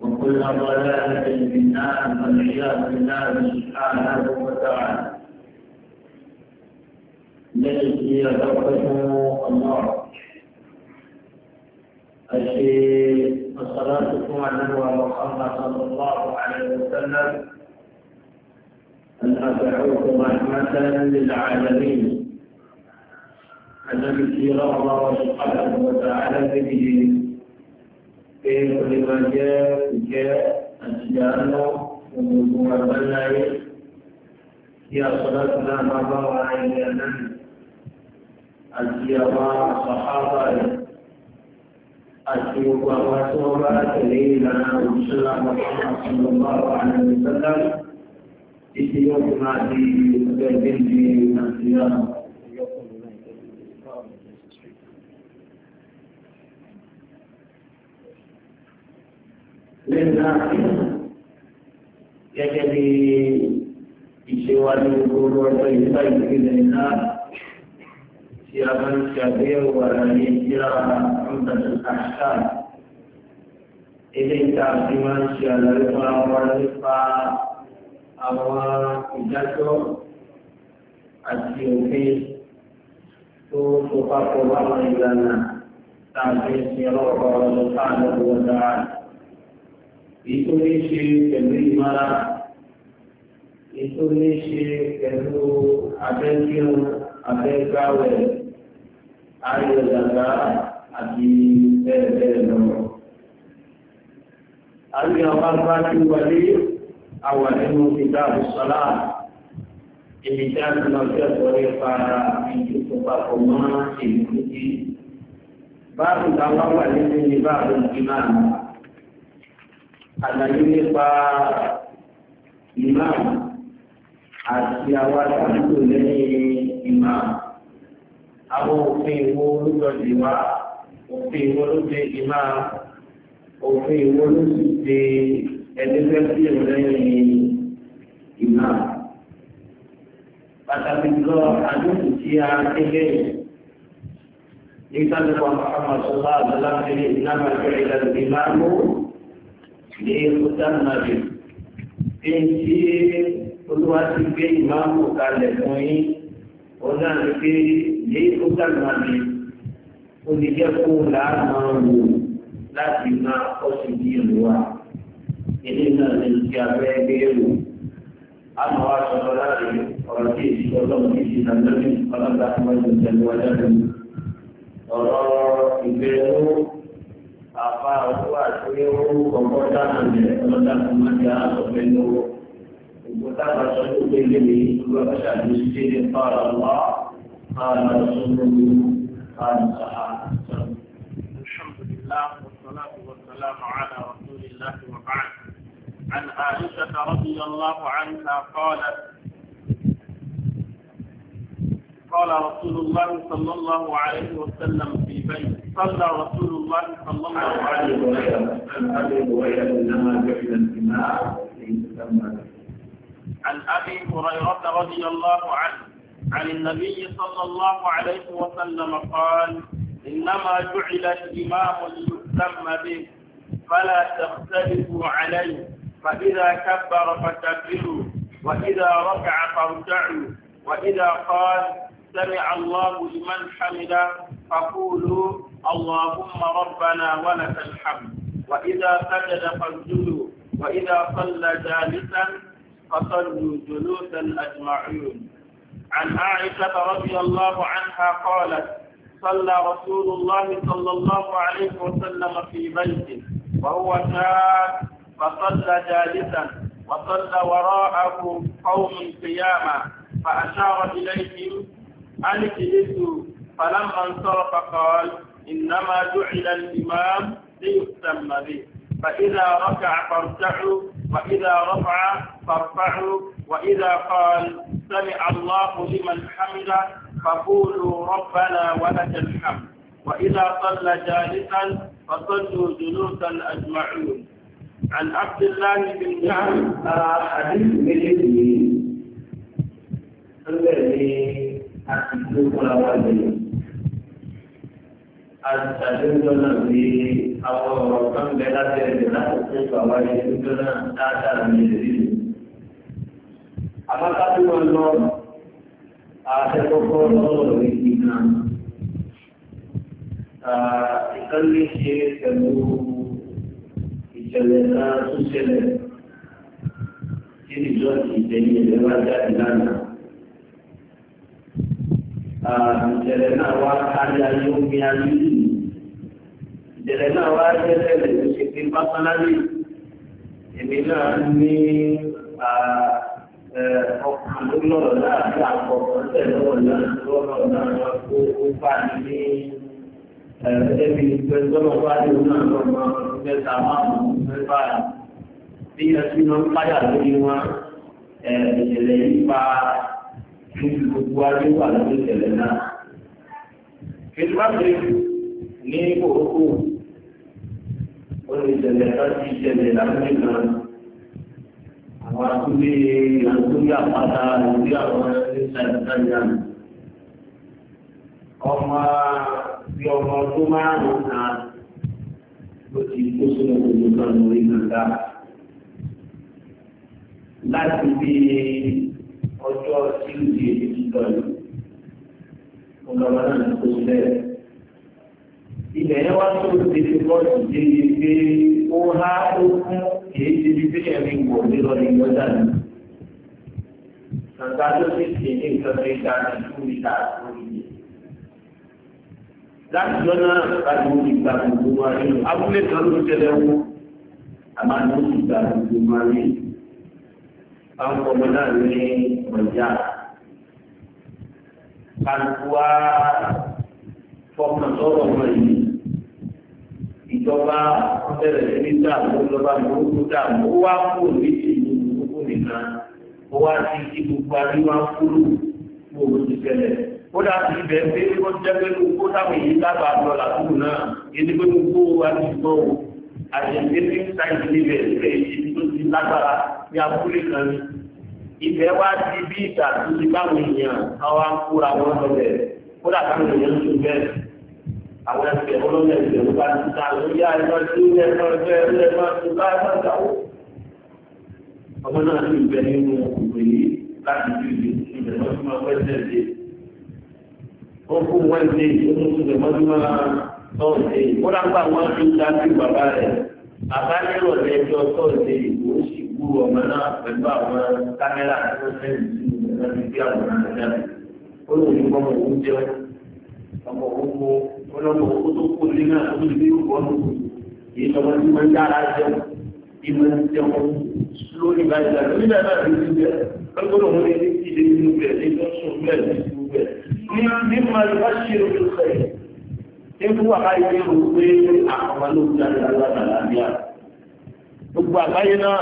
وكل ضلالة في النار والعياذ بالله سبحانه وتعالى التي يتوقفه الله الشيء وصلاته على محمد صلى الله عليه وسلم أن أدعوكم رحمة للعالمين النبي صلى الله سبحانه وتعالى به في كل ما جاء جاء أشجارنا وموضوعنا هي صلاتنا ما ضر علينا الزيارة الصحابة أشيوك وأسوبة كليلنا وسلم محمد صلى الله عليه وسلم في يوم ما في بيت من الصيام lẹ́yìn náà gẹ́gẹ́ bí ìṣèwádìí gbogbo ọjọ́ ìgbà ìpínlẹ̀ náà tí a bá ń ṣàgbéyẹ̀wò àlàyé ìjìlá ọ̀dàdàn àṣà ilé ìta àti máa ń ṣe àlàyé fún àwọn nípa àwọn ìdájọ́ àti òfin tó tó papọ̀ láwọn ìlànà tàbí ìṣẹ́ ọ̀pọ̀ ọ̀dọ̀ fáàlù ọ̀dọ̀ àti ètò ní ṣe pẹ̀lú ìmọ̀ra ètò ní ṣe pẹ̀lú abẹ́kírun abẹ́gbáwẹ̀ ayọ̀dàgbà àti bẹ́ẹ̀ bẹ́ẹ̀ lọ. àríyá ọba bá ti wọlé àwà nínú ìdá àbùsọ́lá èmi tí a ti lọ sí ẹ̀kọ́ nípa ìlú tó papọ̀ mọ́ èmi tó kí. báàbù táwọn wà nínú ní báàbù ìmáàmù àlàyé nípa imam àti àwọn àdúgbò lẹ́yìn imam àwọn òfin ìwo olùdọ̀dì wa òfin ìwo ló de imam òfin ìwo ló sì de ẹ̀ẹ́dẹ́gbẹ́sì lẹ́yìn imam pàtàkì lọ àdúgbò tí a kéde nígbà tó wà fún àwọn àṣọ bá ìlànà ìjọ ìlànà ìmáàmù ní ìfúdánà rẹ̀. Èyí tí olúwa ti gbé ìmáàmù kalẹ̀ fún yín, òun náà ní pé ní ìfúdánà rẹ̀ ó lè jẹ́ kó láàmú wò láti máa kọ́ sí bí ìlú wa. Ilé náà ní ti abẹ́ gbé wò. Àmọ́ wa sọ̀rọ̀ láàrin ọ̀rọ̀ tí èsì ọlọ́run ti ti nà lórí ọlọ́dà fún ẹgbẹ̀rún ọjọ́ ìgbẹ́rún. àfa owó àti owó kọ̀ọ̀kan dáná ní ọlọ́dà tó máa dá ọ̀fẹ́ lọ́wọ́. Ìgbọ́dá bá sọ tó pé lébi ìgbọ́dá ṣàdúró sí ní fara wá fara sọ́dọ̀ ní fara sàá. Alhamdulillah, wassalatu wassalamu ala rasulillah wa ba'd. An Aisha radiyallahu anha qalat قال رسول الله صلى الله عليه وسلم في بيت صلى رسول الله صلى الله عليه وسلم عن أبي هريرة رضي الله عنه عن النبي صلى الله عليه وسلم قال إنما جعل الإمام ليؤتم به فلا تختلفوا عليه فإذا كبر فكبروا وإذا ركع فارجعوا وإذا قال سمع الله لمن حمده فقولوا اللهم ربنا ولك الحمد وإذا سجد فاسجدوا وإذا صلى جالسا فصلوا جلوسا أجمعون عن عائشة رضي الله عنها قالت صلى رسول الله صلى الله عليه وسلم في بيته وهو شاب فصلى جالسا وصلى وراءه قوم قياما فأشار إليهم عن الجلس فلما انصرف قال إنما جعل الإمام ليهتم به فإذا ركع فارتعوا وإذا رفع فارفعوا وإذا قال سمع الله لمن حمده فقولوا ربنا ولك الحمد وإذا صلى جالسا فصلوا جلوسا أجمعون عن عبد الله بن جعفر آه، حديث الذي àti gbogbo àwọn ènìyàn. Àtàlẹ́jọ́ náà ní àwọn ọ̀rọ̀ kan bẹ lábẹ́rẹ́ láti fún àwọn ẹ̀ṣẹ́jọ́ náà dáadáa ní ìrírí. Àbákátí wọn lọ àtẹ́kọ́kọ́ lọ́rọ̀ ìdí náà. Ìkànnì ṣe pẹ̀lú ìṣẹ̀lẹ̀ náà tún ṣẹlẹ̀ ìṣẹ̀lẹ̀ náà wá kárí ayé omi ayé yìí ìṣẹ̀lẹ̀ náà wá jẹ́lẹ̀ lè ṣe pé pásánálì èmi náà ní ọkàn tó lọ́rọ̀ láàrin àkọ́kọ́ tẹ̀lọ́wọ̀ náà lọ́rọ̀ náà kó ó bá ní ẹ̀ẹ́dẹ́gbẹ̀ ìgbẹ́sọ́nà bá ní òun náà lọ́rọ̀ mẹ́ta márùn-ún mẹ́fà bí ẹ̀sìn náà ń páyà lórí wọn ìṣẹ̀lẹ̀ yìí pa níbi gbogbo ayé wà lórí ìṣẹ̀lẹ̀ náà. Kìlúmọ́tì ní òkú olùṣẹ̀lẹ̀ láti ìṣẹ̀lẹ̀ láti náà. Àwọn akúlé àtúnyà pátá lórí àwọn ẹlẹ́sàtàyà. Ọmọ bí ọmọ tó máa ń ta ló ti kó sínú gbogbo kan lórí Láti bíi ọjọ́ tí ó di èyí lọ yìí mo lọ bá náà kó sílẹ̀. ilẹ̀ yẹn wá tó ti fi bọ́ọ̀lù dé ibi pé ó há ó kún èyí ti di bí ẹ̀mí wọ̀ ní lọ ní ìgbọ́dà ni. Nàgbà tó ti ṣe ní ìtọ́jú ìta ní fún ìta lórí yìí. Láti lọ́nà àgbàdo ìgbà gbogbo wa nínú abúlé kan ló tẹ̀lé wọn. Àmọ́ àdúgbò ìgbà gbogbo wa nínú àwọn ọmọ náà ní ọjà kálukúwa fọkàn sọ̀rọ̀ ọmọ yìí ìjọba bẹ̀rẹ̀ sí dààmú lọ́ba burúkú dààmú ó wá kú òbíṣì ní burúkú nìkan ó wá sí ti gbogbo àríwá kúrú fún olóṣù tẹ́lẹ̀ kódà sí ibẹ̀ pé wọ́n jẹ́ pé kó táwọn èyí dábàá lọ làkúrò náà yẹni pé kó wá ti gbọ́ àjẹsí ní sáyẹ̀dì níbẹ̀ rẹ̀ èyí tó ti lágbára bí abúlé kan ní. Ibẹ̀ wá ti bí ìtàkùn ti báwọn èèyàn àwọn akúra wọn lọ́lẹ̀ kódà káwọn èèyàn ń sùn bẹ́ẹ̀. Àwọn ẹgbẹ́ ọlọ́lẹ̀ ìgbẹ́ ló bá ti ta lórí àìmọ́ tí ó yẹ kọ́ ẹgbẹ́ ẹgbẹ́ máa ti bá ẹgbẹ́ ìdáwó. Ọmọ náà ti bẹ nínú ìwé yìí láti ju ìlú ìbẹ̀ mọ́túmọ́ pẹ́sẹ̀ǹdé. Ó fún wẹ́ǹdé ìlú ìbẹ̀ mọ́túmọ́ tọ́ọ̀dé. Kódà ń gbà wọ́n fi ń dájú bàbá rẹ̀. Bàbá nílò òkú ọmọ náà pẹ̀lú àwọn kámẹ́rà tó sẹ́yìn sí ìgbà tí bí àwọn ọmọ náà jáde ó lóun ní ọmọ òun jẹ ọmọ òun kó ọlọ́mọ òun tó kó lé náà tó lè kó ọmọ òun kì í tí wọ́n dára jẹun bí wọ́n jẹun lórí báyìí láti nígbà náà ló ti jẹ ọgbọ́n òun lè ní ìdè nínú bẹ̀ ní tó sùn bẹ̀ ní ìlú bẹ̀ ní ní máa lè bá ṣe òkè sẹ́yìn ní fún àbáyé rò pé àwọn olóògbé àti alábàlá ní à gbogbo àbáyé náà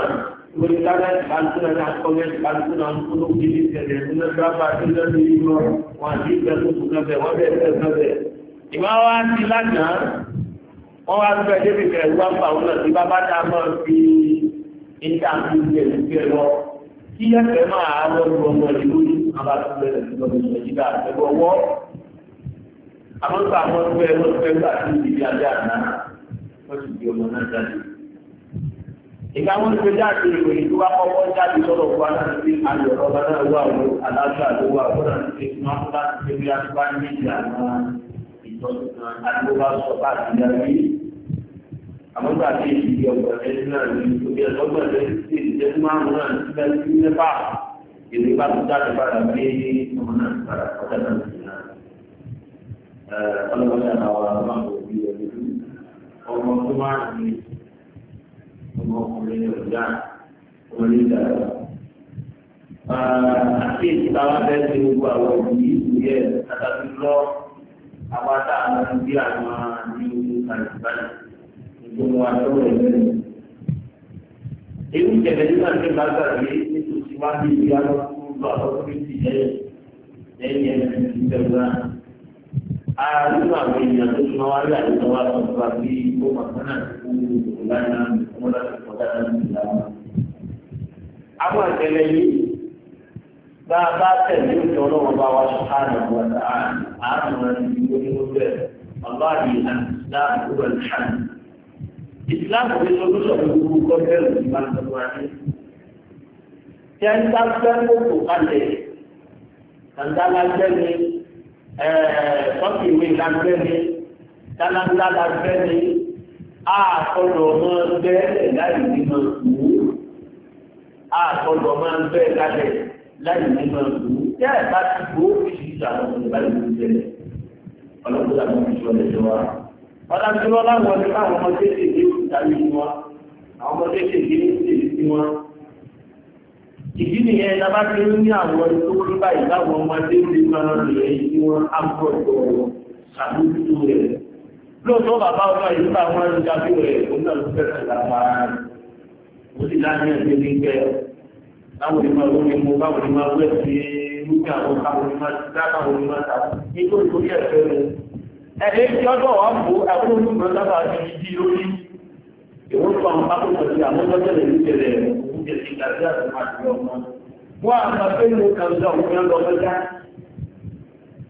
wani kanan kalkuna na kawai kalkuna kudu gidi da ne suna gaba tun da su yi ma wani da su su kafe wanda ya kafe kafe ìmọ̀ wa ti lánàá wọ́n wá pa òun náà tí bàbá tá a máa fi níta fi gbé gbé lọ kí ẹsẹ̀ máa wọ́n lu ọmọ ìlú àbá tó bẹ̀rẹ̀ sí lọ́dún ìṣẹ̀jìdá ẹ̀rọ wọ́ àwọn tó àti ìdílé ajá àná wọ́n ti di ọmọ náà jáde ìgbà wọn ti jáde ìwé ìlú wa kọ́kọ́ jáde sọ́dọ̀ wa láti fi ayọ̀ ọba náà wà ó aláṣà ló wà ó láti fi máa ń láti fi bí aṣọ́bá méjì àwọn ìjọsìn náà àti bó bá sọ bá ti dá rí. àwọn gbà tí èyí di ọgbà ẹni náà ní ìtòkè ọgbà ẹni tí èyí jẹ́ márùn-ún náà ní sílẹ̀ sí mẹ́fà èdè bá ti jáde padà pé ọmọ náà ti náà sí náà. ọlọ́wọ́ ṣàlàwọ̀ àwọn ọmọ ọmọkùnrin ọ̀gá onídàájọ́. àti ìtawà bẹ́ẹ̀ ti gbogbo àwọn òbí ìwúyẹ àtàkì lọ apáta àwọn bí àwọn àdéhùn àìsàn ìgbóhùn àtọwọ ẹgbẹ́ rẹ̀. èyí ìjẹ̀lẹ̀ nígbà tí bá gbàgbé nítòsí wá bí ìwé alọ́kùnrin lọ àtọ́kùnrin ti lẹ́yìn lẹ́yìn ẹ̀sìn ìjọba àrùn àwọn èèyàn tó súnmọ́ wá rí àdéhùn wa bá bí ó màkánà tó kú láti náà Àwọn ìṣẹ̀lẹ̀ yìí bá a bá tẹ̀lé òjò ọlọ́wọ́ bá wa ṣe àrùn àwọn àrùn àti ìwé ní ó bẹ̀rẹ̀. Ọlọ́àdì àìsíláàmù ló wẹ̀lẹ̀ ṣáàmù. Ìsìláàmù ní solúṣọ̀ ní gbogbo gọ́ọ̀mẹ́rù ti máa ń tọ́jú wa ní. Tí a ń bá fẹ́ mọ́tò kalẹ̀, kàńdá lágbẹ́ ni, ẹ̀ẹ́dọ́kì ìwé lágbẹ́ ni, dálágbá lágbẹ́ ni, àkọlọ̀ máa ń bẹ́ẹ̀lẹ̀ láì ní máa wù ú àkọlọ̀ máa ń bẹ́ẹ̀ lálẹ̀ láì ní máa wù ú tí ẹ̀ bá ti gbó ìṣì ìṣàlọ̀ ní báyìí ní ìṣẹ̀lẹ̀ ọlọ́pàá làwọn ọmọ ìṣọ̀lẹ̀ jọ wa ọlá tí wọ́n láwọn ọdún káwọn ọmọ kéékèèké ń tàbí wọn àwọn ọmọ kéékèèké ń tèlé sí wọn ìdí nìyẹn lábá tí ó ní àwọn ọdún tó kú báyìí láwọn ọmọ adé ń lè máa lọ rẹ̀ sí wọn á gbọ́dọ̀ ṣàbójútó rẹ̀ lóòótọ́ bàbá ọba yìí bá wọn ń jábí rẹ̀ òun náà ló fẹ́rẹ̀ lápá ó sì láti ẹgbẹ́ ní gbẹ láwọn onímọ̀ ló ní mo báwọn onímọ̀ wẹ̀ sí nígbà àwọn káwọn onímọ̀ dábàá onímọ̀ ta nítorí orí ẹ̀fẹ́ mu. ẹ̀ẹ́dẹ́ tí di lórí ìwọ́n tó àwọn pápákọ̀ sí àwọn tọ́jọ́lẹ̀ ní tẹ̀lẹ̀ òun tẹ̀sí gàdí àtúmọ̀ àti ọmọ. wọ́n àgbà pé mo kàn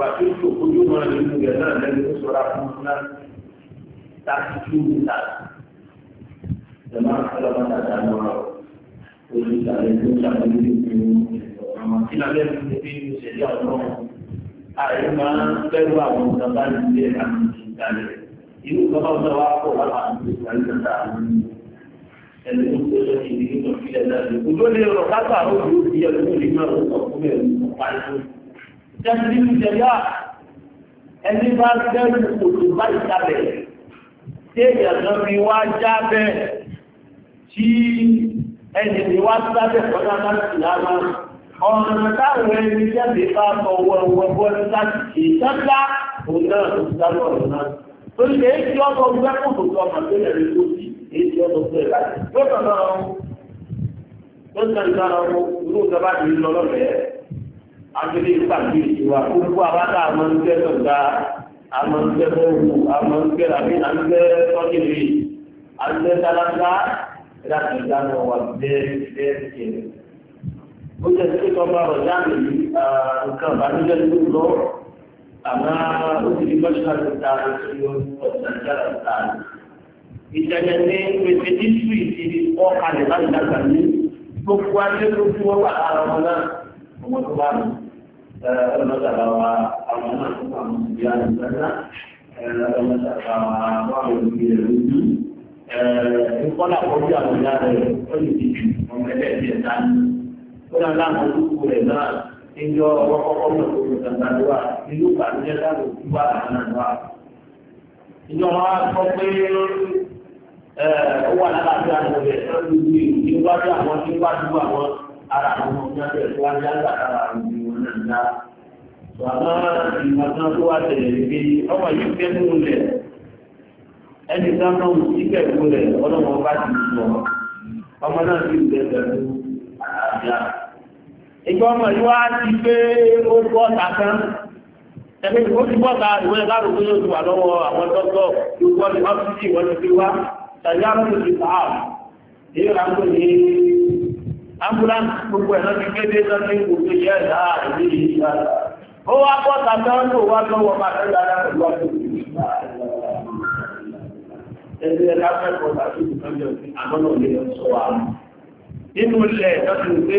pàtó tó ojú máa ní inú rẹ̀ náà lẹ́nu tó sọ̀rọ̀ fún un náà táàkì tó ní ta. Jọba ọlọ́mọ dàda ń rọ̀ ojú ìtàlẹ̀ tó ṣàkóso ìlú ọ̀rọ̀ kí náà lẹ́nu tó fi ń ṣẹ̀lẹ̀ ọ̀rọ̀. Ààrẹ máa ń fẹ́rù àwọn ìjọba nílé àmì ìdálẹ̀. Ìlú bàbá ọ̀dọ́ wa pọ̀ láwọn àmì ìdálẹ̀ ẹni tó ṣe lọ sí ìdílé tó fi lẹ̀ náà. Òjò lè rọ̀ ká tẹ́lifí jẹ̀yà ẹni bá dẹ́rù òjò bá ìsàlẹ̀ tí èèyàn kan fi wá já bẹ́ẹ̀ tí ẹni tí wá sábẹ̀ kọjá láti lára ọ̀nà táwọn ẹni jáde bá tọwọ́ ọwọ́ bọ́ láti ṣe sábà òun náà ló sábà ọ̀nà náà tó ṣe é tí ọmọ ọgbẹ́ kò tó ọmọ tó yẹ lóko sí èyí tí ọmọ tó yẹ láti lọ́sàn-án lọ́sàn-án lọ́sàn-án lọ́sàn-án lọ́sàn-án agbélé ìpàdé ìwà gbogbo àbáta àmọ́ńgbẹ́ lọ́gbà àmọ́ńgbẹ́ bọ́ọ̀lù àmọ́ńgbẹ́ àbí àmọ́ńgbẹ́ tọ́kìlì àmọ́ńgbẹ́ tálákà láti dáná wà bẹ́ẹ̀ bẹ́ẹ̀ kéré. ó jẹ́ sí tọ́gbà ọ̀dà mi nǹkan ìbànújẹ́ ló lọ àmọ́ ó ti di mọ́ṣúlá tó ta àti ọ̀sán jára ta. ìṣẹ̀lẹ̀ ní pèsè dísù ìdí ọkàlẹ̀ láti dàgbà ní gbogbo ayé ló fi wọ́n Mudah-mudahan masalah amanah kemudian sana masalah wajib itu Ìkọ́lá orí àwọn ìyá rẹ̀ olùdíjú ọmọdé ti ẹ̀dá ní. Ó náà láwọn olùkú rẹ̀ náà ń yọ ọwọ́ kọ́kọ́ mọ̀ tó lọ sàgbàdúrà nínú ìbànújẹ́ láwọn òkú wà lánàá wà. Ìjọba wa sọ pé ó wà lábàájá àwọn ọ̀rẹ́ lọ́dún yìí níwájú àwọn níwájú àwọn ara àwọn ọmọdé ọjọ́ ìwà ní àgbàkàrà àwọn ìwọ̀n náà ńlá. Bàbá ìmọ̀tán tó wà tẹ̀lé wípé ọmọ yìí fẹ́ mú lẹ̀. Ẹni sáfọ́ mú síkẹ̀ mú lẹ̀ ọlọ́mọ bá ti sọ. Ọmọ náà ti bẹ̀ pẹ̀lú àlàáfíà. Ìjọ ọmọ yìí wá ti pé ó bọ́ takan. Ẹgbẹ́ ìwé ti bọ́ ta ìwé láàrú pé ó ti wà lọ́wọ́ àwọn dọ́tọ̀ tó wọ́n ní ọ́fíìsì ìwọ́n ti wá. Tàbí àwọn tó ti sàá. Èyí ambulance gbogbo ẹ̀ lọ́ti gbé dé lọ́ti wò pé yẹ́ ẹ̀dá ìlú yìí dára ó wá bọ́ tàbí ọ̀nà òwá tó wọ́n máa fẹ́ dára pẹ̀lú ọdún ẹgbẹ́ ẹ̀dá fẹ́kọ̀ọ́ tàbí ìtọ́jú ọ̀sìn àmọ́nà òlé ọ̀sọ́ wa nínú ilẹ̀ lọ́ti gbé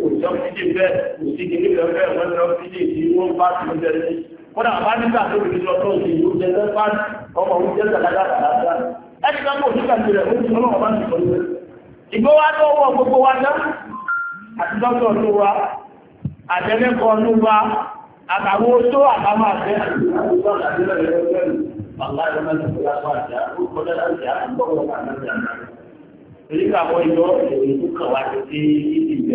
kò sọ fíjì bẹ́ẹ̀ kò sí kìíní lọ bẹ́ẹ̀ wọ́n lọ fíjì tí wọ́n bá ti ń jẹrẹ kódà bá nígbà tó fi lọ tó ti ìlú jẹ lẹ́fà ọmọ òun jẹ́ sàlágà sàlágà ẹni kan kò sí kàtìrẹ̀ ó ìgbó wá tó wọ́n gbogbo wá náà àti dọ́tọ̀ tó wá àtẹ́lẹ́kọ́ ló wá àtàwọ́ tó àtàwọn àtẹ́ Èyíká àwọn ìjọ ìròyìn tó kàwà ti tí ní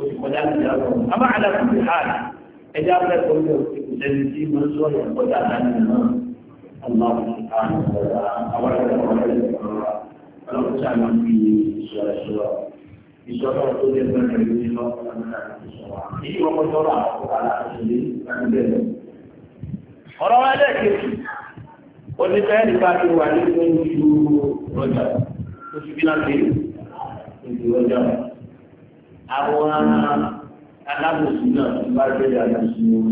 oṣù kọjá A máa àdàkùn ẹjá lẹ́kọ̀ọ́ yóò ti kù lẹ́ni tí mo ń sọ yẹn kọjá dání náà aláwọ̀ àwọn ọ̀rọ̀ àwọn ẹ̀rọ ọ̀rọ̀ ẹ̀rọ ọlọ́run tí a máa fi ìṣọ̀rọ̀ ṣọ̀rọ̀ ìṣọ̀rọ̀ tó lè fẹ́ rẹ̀ ní lọ́kọ̀ọ́ èyí wọ́n kọ́ sọ́rọ̀ àkókò aláṣẹ́lẹ̀ láti bẹ̀rẹ̀. ọ̀rọ̀ wọn lẹ́ẹ̀kejì onífẹ́ nípa ti wà nínú oṣù rọjà oṣù alábòsí náà ti bá gbẹ́dẹ̀ aláṣẹ wọn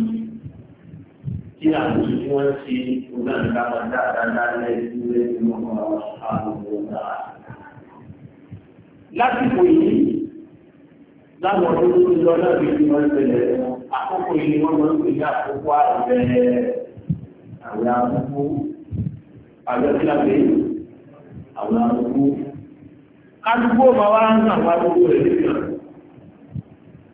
kí àbòsí tí wọ́n ṣe ọ̀gá nǹkan máa dáadáa dáadáa ìdílé nínú ọ̀rọ̀ àwọn ọ̀gá. lásìkò yìí láwọn ọdún tó lọ náà bí wọ́n ń bẹ̀rẹ̀ àkókò yìí wọ́n máa ń pè ní àkókò àbẹ̀ àwọn àkókò àbẹ̀ tí a pè àwọn àkókò. kálukú ọba wa ń gbà wá lóko rẹ̀ nígbà.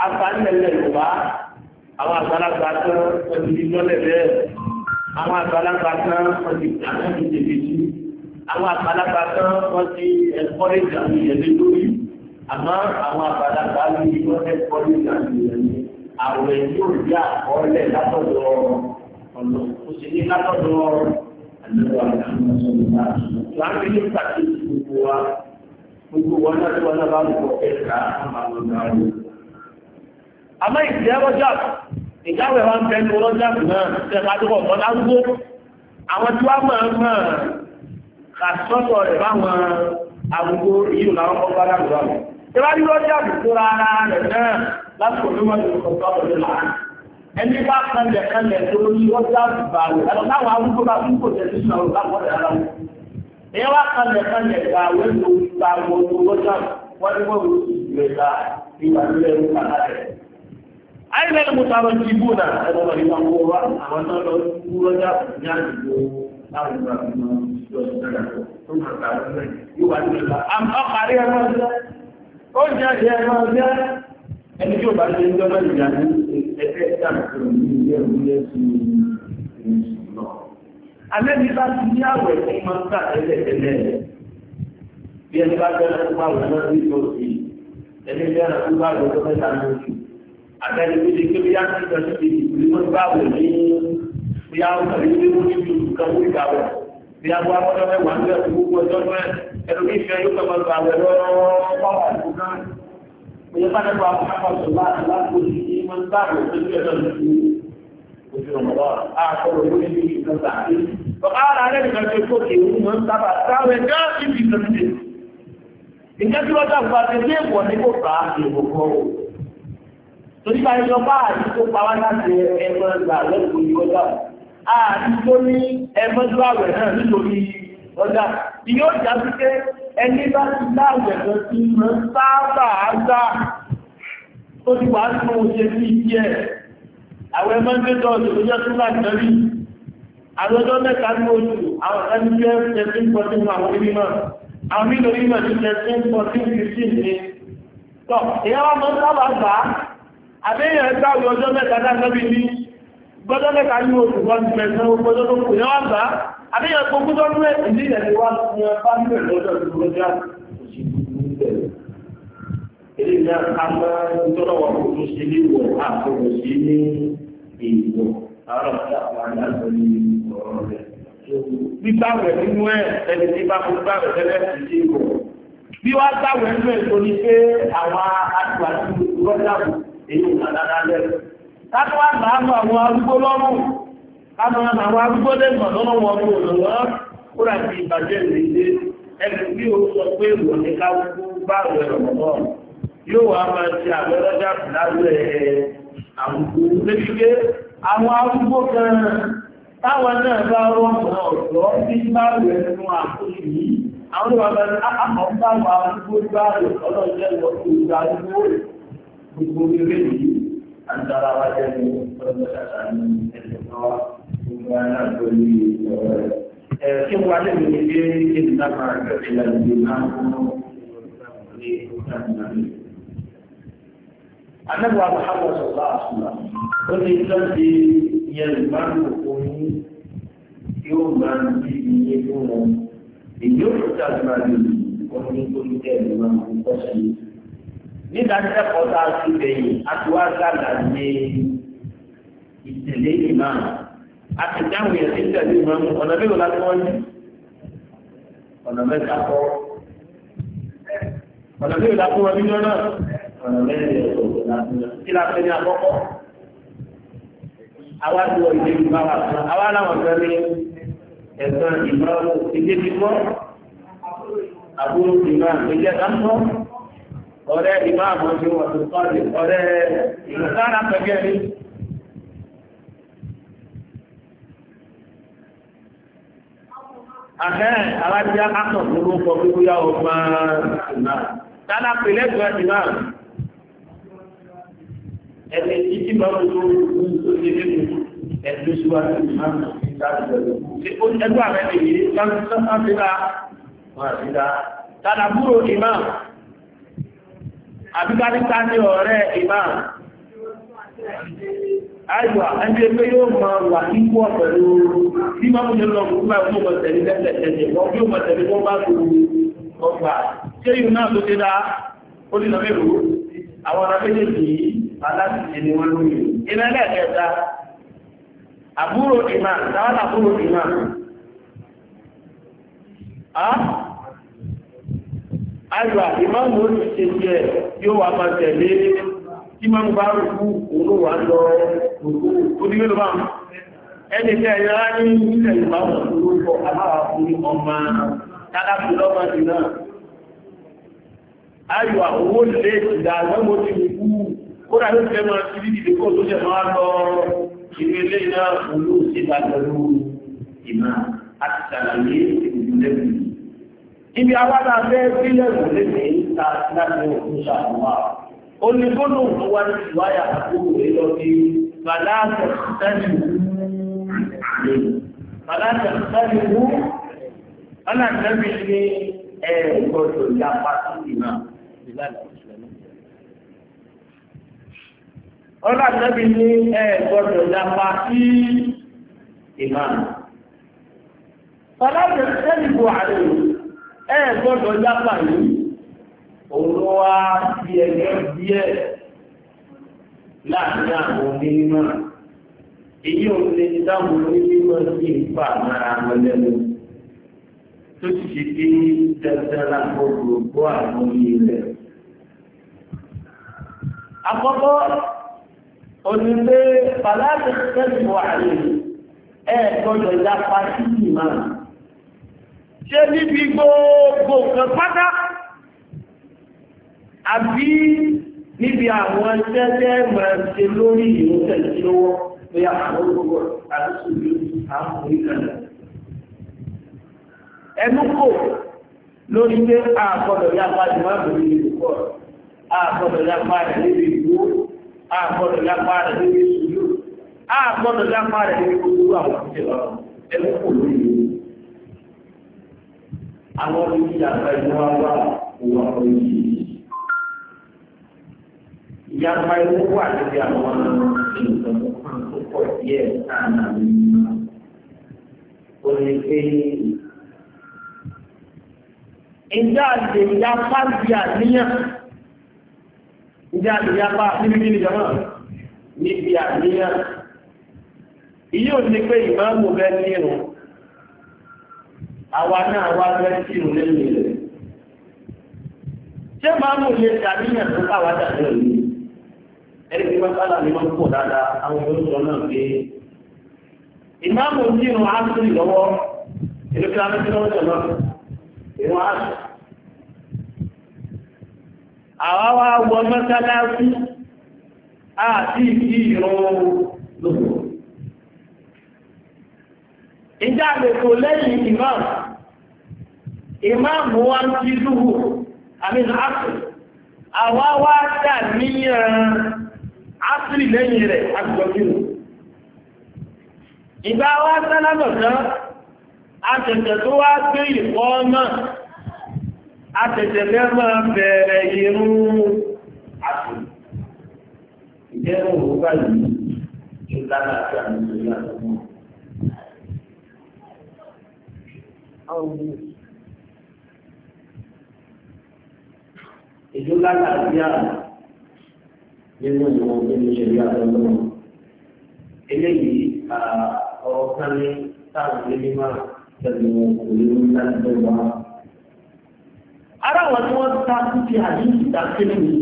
asánilẹ̀ yorùbá àwọn àgbàlagbà kan ọdún lọ́lẹ̀ bẹ́ẹ̀ àwọn àgbàlagbà kan ọdún àtàkùn jẹ̀bẹ̀jì àwọn àgbàlagbà kan wọ́n ti ẹ̀kọ́ lè jà ní ìyẹ̀lẹ́ lórí àmọ́ àwọn àgbàlagbà ní wọ́n ẹ̀kọ́ lè jà ní ìyẹ̀lẹ́ àwọn ẹ̀yìn yóò rí àkọọ́lẹ̀ látọ̀dọ̀ ọ̀nà kò sì ní látọ̀dọ̀ àlọ́ àdáhùn ọ̀sán láti ní pàtó gbogbo wa gbogbo wọn láti wọn náà bá lọ ẹ̀ka àmàlùmọ́ àmọ́ ìjẹ́ rọ́jà ìjáwẹ̀ wọn bẹ́ẹ̀ ní rọ́jà náà tẹ̀ ká tó kọ̀ lágbó àwọn tí wọ́n máa mọ̀ kà sọ́tọ̀ rẹ̀ báwọn àgbogbo yìí làwọn kọ́ bá dàgbà wọn. ìwà ní rọ́jà kúra ara rẹ̀ náà lásìkò tó wọ́n ti kọ̀ sọ́tọ̀ rẹ̀ láà ẹni bá kanlẹ̀ kanlẹ̀ tó ní rọ́jà bàwẹ̀ àlọ́ táwọn arúgbó bá kú kò tẹ̀lé sínú àwọn bá wọ́n dára wọn. ìyẹn wá kanlẹ̀ kanlẹ̀ bàwẹ̀ lórí bàwọ̀ lórí rọ́jà wọ́n ti wọ́n wọ́n ti ìgbẹ̀ta àìlẹ́ ìmútàrọ̀ ti bú náà ẹ̀rọ ìwà owó wa àwọn náà lọ kú lọ́jà ní àdìgbò láwọn ìgbà ìmọ̀ ìjọ ìjọba tó ń kàkà lọ́wọ́ yóò wà ní ìgbà àpárí ẹ̀rọ ọjọ́ ó jẹ́ ìyá ẹ̀rọ ọjọ́ ẹni tí ó bá ṣe ń jọba ìjà ní ẹgbẹ́ ìdàkùn ní ilé ìwúlẹ̀ sí ìṣù náà. alẹ́ ní bá ti ní àwẹ̀ fún máa ń gbà tẹ́lẹ̀tẹ́lẹ̀ bí ẹni bá fẹ́ràn fún àwẹ̀ náà ní ìtòsí ẹni fẹ́ràn fún àwẹ̀ tó fẹ́ àtẹni tó ti kébé yá sí ìtọ́jú ti ìlú tó gbà wò ní bí a ń sọ̀rọ̀ ilé wọ́n níbi ìtọ́ wọ́n ìgbà wọ̀ bí a bọ́ akọ́jọ́ mẹ́wàá ń bẹ̀rù gbogbo ọjọ́ mẹ́ ẹnu bí ìfẹ́ yóò kọ́kọ́ gbà wẹ̀ lọ́wọ́ Ìjẹ́ tí wọ́n dàgbà ti dé ìwọ̀n ní kò bá ìwò kan o torí bá yọ bá àti tó pa wá láti ẹgbẹ́ ìgbà lẹ́kùn ní ọjà àti tó ní ẹgbẹ́ ìgbà rẹ̀ náà nítorí ọjà tí yóò já sí pé ẹni bá ti láàrẹ̀ lọ sí mọ́ sábà ágbà tó ti wà nínú oṣù sí ìdí ẹ̀ àwọn ẹgbẹ́ ń gbẹ́jọ́ oṣù tó jẹ́ tó láti lọ́rí àwọn ọjọ́ mẹ́ta ní oṣù àwọn ẹni jẹ́ thirteen fourteen àwọn onímọ̀ àwọn mílíọ̀nù mímọ̀ ti thirteen fourteen fifteen ni tọ́ ìyá wa mọ́ sábà gbà àbẹ́yàn ẹgbàwí ọjọ́ mẹ́ta dáadábí ní gbọ́dọ̀ mẹ́ta ní oṣù wọn ti mẹ́ta gbọ́dọ̀ tó kù yọ́wà bá àbẹ́yàn gbogbo tó rẹ̀ ìdí ìrẹ̀lẹ̀ wá ní ọba ní ìrẹ̀lọ́dọ̀ ìgbọ́dọ̀ ìrìnà àmọ́ ìtọ́lọ́wọ́ kò tó ṣe ní ìwọ̀ àkókò sí ní ìwọ̀ àárọ̀ sí àwọn àdájọ́ ní ọ̀rọ̀ rẹ̀. Gbígbàwẹ̀ nínú ẹ̀ ẹni tí bá mú gbàwẹ̀ tẹ́lẹ̀ sí sí ìwọ̀. Bí wá gbàwẹ̀ nínú ẹ̀ tó ní pé àwọn àtúwàtú rọ́dàbù èyí ìgbàlára lẹ́rù. Káàkiri wá gbà á mọ àwọn arúgbó lọ́rùn, káàkiri wá àwọn arúgbó lẹ́nu ọ̀dọ́nà wọn kò lọ́wọ́, kó rà sí ìbàjẹ́ ìrèlé, ẹni tí ó sọ pé ìwọ̀n ní káwùkú bá rẹ̀ rọ̀mọ́ yóò wá máa ṣe àgbẹ̀rẹ́jà lábẹ́ àwùjọ lébíké àwọn arúgbó kan táwọn náà bá rọ̀mọ́ ọ̀dọ́ tí bá rẹ̀ nínú àkóso yìí àwọn ìwà ah, ah, bá rẹ̀ gbogbo ilé yìí à ń tara wa jẹ́ ní ọjọ́ kàkà ní ẹ̀sẹ̀ náà gbogbo aná tó ní ọ̀rọ̀ rẹ̀. ṣé wàá lè mi ní pé kí ni náà máa gbẹ̀rẹ̀ ìlànà ìgbìmọ̀ àwọn ní ìgbàlódé. ní sọ́ọ̀dì yóò máa ń bí iye fún wọn. Èyí ó fún Tàbí Màdìrì, ó ní olùdẹ́ ìlú ń kọ́ sí i nídàájẹ́kọ̀ọ́ tá a ti bẹ̀yìn àtiwá sàlàyé ìtẹ̀lé ìmáà àti dáhùn yẹn ti tẹ̀lé ìmáà ọ̀nà mélòó la tọ́ ní ọ̀nà mẹ́ta kọ́ ọ̀nà mélòó la tọ́ wọn nínú náà ọ̀nà mẹ́rin ọ̀tọ̀ kí la fẹ́ ní àkọ́kọ́ àwa ti wọ ìdè ìgbà wa fún àwa làwọn fẹ́ ní ẹ̀sán ìgbà wo ìdè ìgbà àbúrò ìgbà ìjẹ́ ká ń tọ́ ọ̀rẹ́ ìmáàmù ọjọ́ ọ̀tọ̀kọ́lẹ̀ ọ̀rẹ́ ìrọ̀lára pẹ̀gẹ́rí. Àfẹ́ alájá kásọ̀ fún orúkọ gbogbo yá ọgbà ìmáà. Tálá pè lẹ́gbẹ̀ẹ́ ìmáà. Ẹni tí tí máa mú tó ń tó ṣe nínú ẹ̀dùn síwájú ìmáà ìgbàlódé. Ẹgbẹ́ àmẹ́lẹ̀ yìí, tálá búrò ìmáà àbíkáríká ní ọ̀rẹ́ imam àìwà ẹni pé yóò máa wà nípò pẹ̀lú bí máa mú nílò ọgbà ọmọ ọmọ tẹ̀lé lẹ́sẹ̀ tẹ̀lé wọ́n bí ọmọ tẹ̀lé wọ́n bá tó ọgbà ṣé yìí náà tó dédá ó ní lọ́mẹ́rù àwọn ará méjèèjì aláṣìṣe ni wọ́n lóye iná ẹlẹ́ẹ̀kẹta àbúrò imam táwọn àbúrò imam àgbà ìmáàmù olù ṣe jẹ yóò wà máa tẹ̀lé tí máa ń bá rúkú òun wà lọ rúkú onígbélò máa ẹni tẹ́ ẹ̀yọ́ á ní ilẹ̀ ìmáàmù olórúkọ aláwàfún ọmọ tálákù lọ́mọ sí náà ayọ̀ owó lè dà lọ́mọ sí rúkú kódà ló fẹ́ máa fi dídì kó tó jẹ máa lọ ìrẹ́lẹ́ náà olóòṣèlú ibi awádà fẹ́ sílẹ̀ ìwòlé ní ìta láti òkú ṣàmúwà olùgbónà tó wá ní ìwáyà àkókò rẹ̀ lọ sí bàlátẹ̀kùtẹ́lìwú alàtẹ́bí ní ẹ̀ẹ́gbọ́dọ̀ yapa sí náà ọlọ́tẹ́bí ní ẹ̀ẹ́gbọ́dọ̀ yapa sí ìmáà. Fọlá tẹ̀sílẹ̀ ìbò àrẹ̀ òṣèlú ẹ gbọ́dọ̀ yápa yìí òun ló wá bí ẹgbẹ́ díẹ̀ láàrin àwọn onímọ̀ èyí òun lè ní dáhùn onímọ̀ sí ìfà náà mọ́lẹ́nu tó ti ṣe pé dandan lápò gbogbo àwọn ilẹ̀. Àkọ́kọ́ onílé Pàlásì Kẹ́lìmọ̀ àlè ẹ̀ gbọ́dọ̀ yápa sí ìmáà ṣe níbi gbogbo nǹkan pátá àbí níbi àwọn tẹ́tẹ́ máa ṣe lórí ìlú tẹ̀lé lọ́wọ́ pé àwọn olùgbò àtúnṣe àwọn oríkàlẹ̀ ẹnu kò lórí pé àgbọ̀dọ̀ yapa ìwà àbòrí ìlúkọ àgbọ̀dọ̀ yapa rẹ̀ níbi ìlú àgbọ̀dọ̀ yapa rẹ̀ níbi ìlú àgbọ̀dọ̀ yapa rẹ̀ níbi gbogbo àwọn ìjọba ẹnu kò lórí àwọn olùdí àgbà ìwà wà wà òyì. Ìyàgbá ìwọ wà níbi àwọn nǹkan tó pọ̀ díẹ̀ sáànà mi. O lè pe ìjà àti ìyapa di àníyàn. Ìjà àti ìyapa níbi kí ni jọ̀wọ́? Níbi àníyàn. Ìyóò ní pé ìmáàmù bẹ́ẹ̀ ní irun àwa náà wá bẹ́ẹ̀ sí òun lẹ́yìn rẹ̀. ṣé máa mú ilé tàbí yàn tó káwá dàbí òní? ẹni tí wọ́n sábà ní wọ́n pọ̀ dáadáa àwọn olóòtú náà gbé. ìmáàmù ń dínú áṣírí lọ́wọ́ ìlú kí wọ́n ti lọ́wọ́ náà ìwọ̀n áṣù. àwa wá wọ mọ́sálásí àti ìdí ìrún lóko. ìjà àgbètò lẹ́yìn imam imam wa ti dúhù àmì àṣì àwa wá dà níyàn àṣì lẹ́yìn rẹ̀ ìgbà wa sálámọ̀ tán tó wá gbé ìfọ́ náà àtẹ̀tẹ̀ lẹ́mọ̀ bẹ̀rẹ̀ irun àṣì ìjẹ́rùn àwọn òbí èdè lálàáfíà nínú ìwọ̀n nínú ìṣẹ̀lẹ̀ àtọ́nà eléyìí ọ̀rọ̀ kan ní táwọn ilé mímọ́ pẹ̀lú òwúrọ̀ láti bẹ̀rẹ̀ wá. ara wọn ni wọ́n ta títí àdéhùn ìdákẹ́lẹ́ mi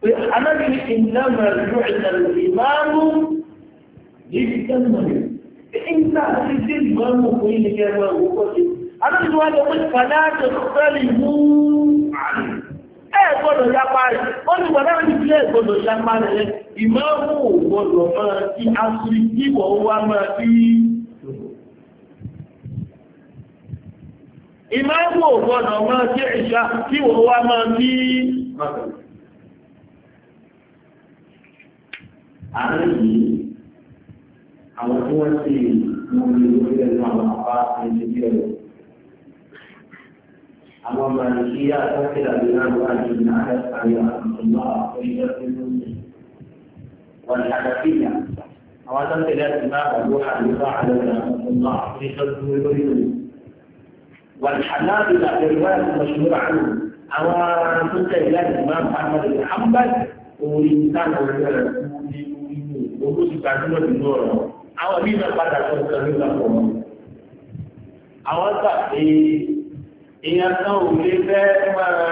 pé anábìrin ìnáwó ẹ̀rọ ìdàlùfẹ́ máa ń mú yìí kẹ́lẹ́ mọ́lẹ̀ ìgbà tí dé ìmọ̀mù fún ilé ẹgbẹ́ òwúkọ́ sí alájúwájọ́ pé fàdájọ́ fẹ́lì mú ẹ gbọ́dọ̀ yapa rẹ̀ ó ní wọ́n dáwọn ìdílé gbọ́dọ̀ yapa rẹ̀ ìmọ̀mù gbọ́dọ̀ máa ti asiri tí wọ́n wá máa fi ìmọ̀mù gbọ́dọ̀ máa ti ìṣà tí wọ́n wá máa fi àárín àwọn tí wọ́n sì mú mi lórí ẹnu àwọn àpá ẹni bí ẹ̀rọ. Àwọn màlìkíyà sọ́kè àdúrà wà ní náà àyà àtúntò àkọ́yẹ́ tuntun ní. Wọ́n ṣàkàfíyà. Àwọn sọ́kè láti máa bàbá àdúrà àdúrà àtúntò àkọ́yẹ́ tuntun lórí rẹ̀. والحنابلة الرواية المشهورة عنه أو كنت إلى الإمام أحمد بن حنبل وإنسان وجل وكنت تعلمه بالنور àwọn bí náà padà tó ń sọ̀rọ̀ nígbà pọ̀ mọ́. àwọn gbà pé èèyàn kan ò lè fẹ́ máa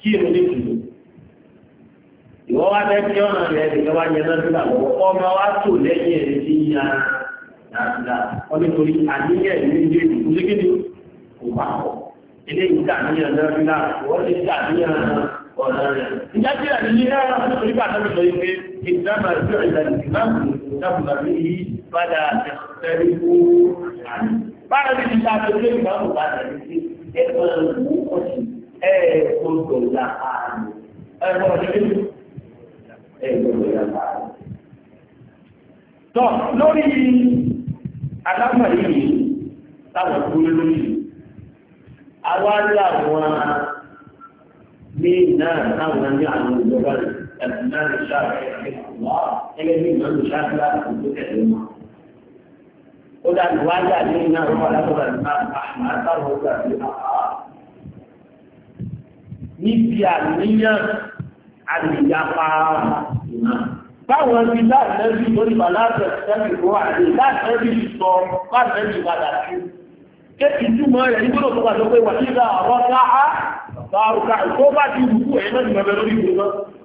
kí èrò ní kìlọ̀. ìwọ́ wá fẹ́ kí ọ̀nà rẹ̀ nìkan wá yẹn lọ́dún àwọ̀ ọmọ wa tò lẹ́yìn ẹ̀rí tí ń ya dáadáa wọ́n nítorí àníyàn ìlú ìlú ìlú kúlégédé kò bá pọ̀. eléyìí dàníyàn lọ́dún náà wọ́n ti rẹ̀. àníyàn náà nítorí ìjọba yìí padà tẹ̀sí Bára bí ti ta tó lé ìgbà wò bá tẹ̀lé sí ẹ̀fọ́ ìlú ọ̀sì ẹ̀ẹ́dọ̀gbọ̀ ìyàpá ẹ̀fọ́ ìlú ẹ̀ẹ́dọ̀gbọ̀ ìyàpá. Tọ́ lórí alámọ̀ yìí táwọn dúró lórí àwa láwọn ní náà táwọn ní àwọn ìjọba rẹ̀. الإمام الشافعي رحمه الله الذي الإمام الشافعي أخذ كلمة قل أن واجع لنا هو لفظ الإمام أحمد فهو في níbi àníyàn àlìyàpá báwọn ibi láàrẹ́bí lórí bàláàrẹ̀ sẹ́bìrò àrẹ láàrẹ́bí sọ tó wà pé wà nígbà àwọn káà bá rúkà tó bá ti rúkú ẹ̀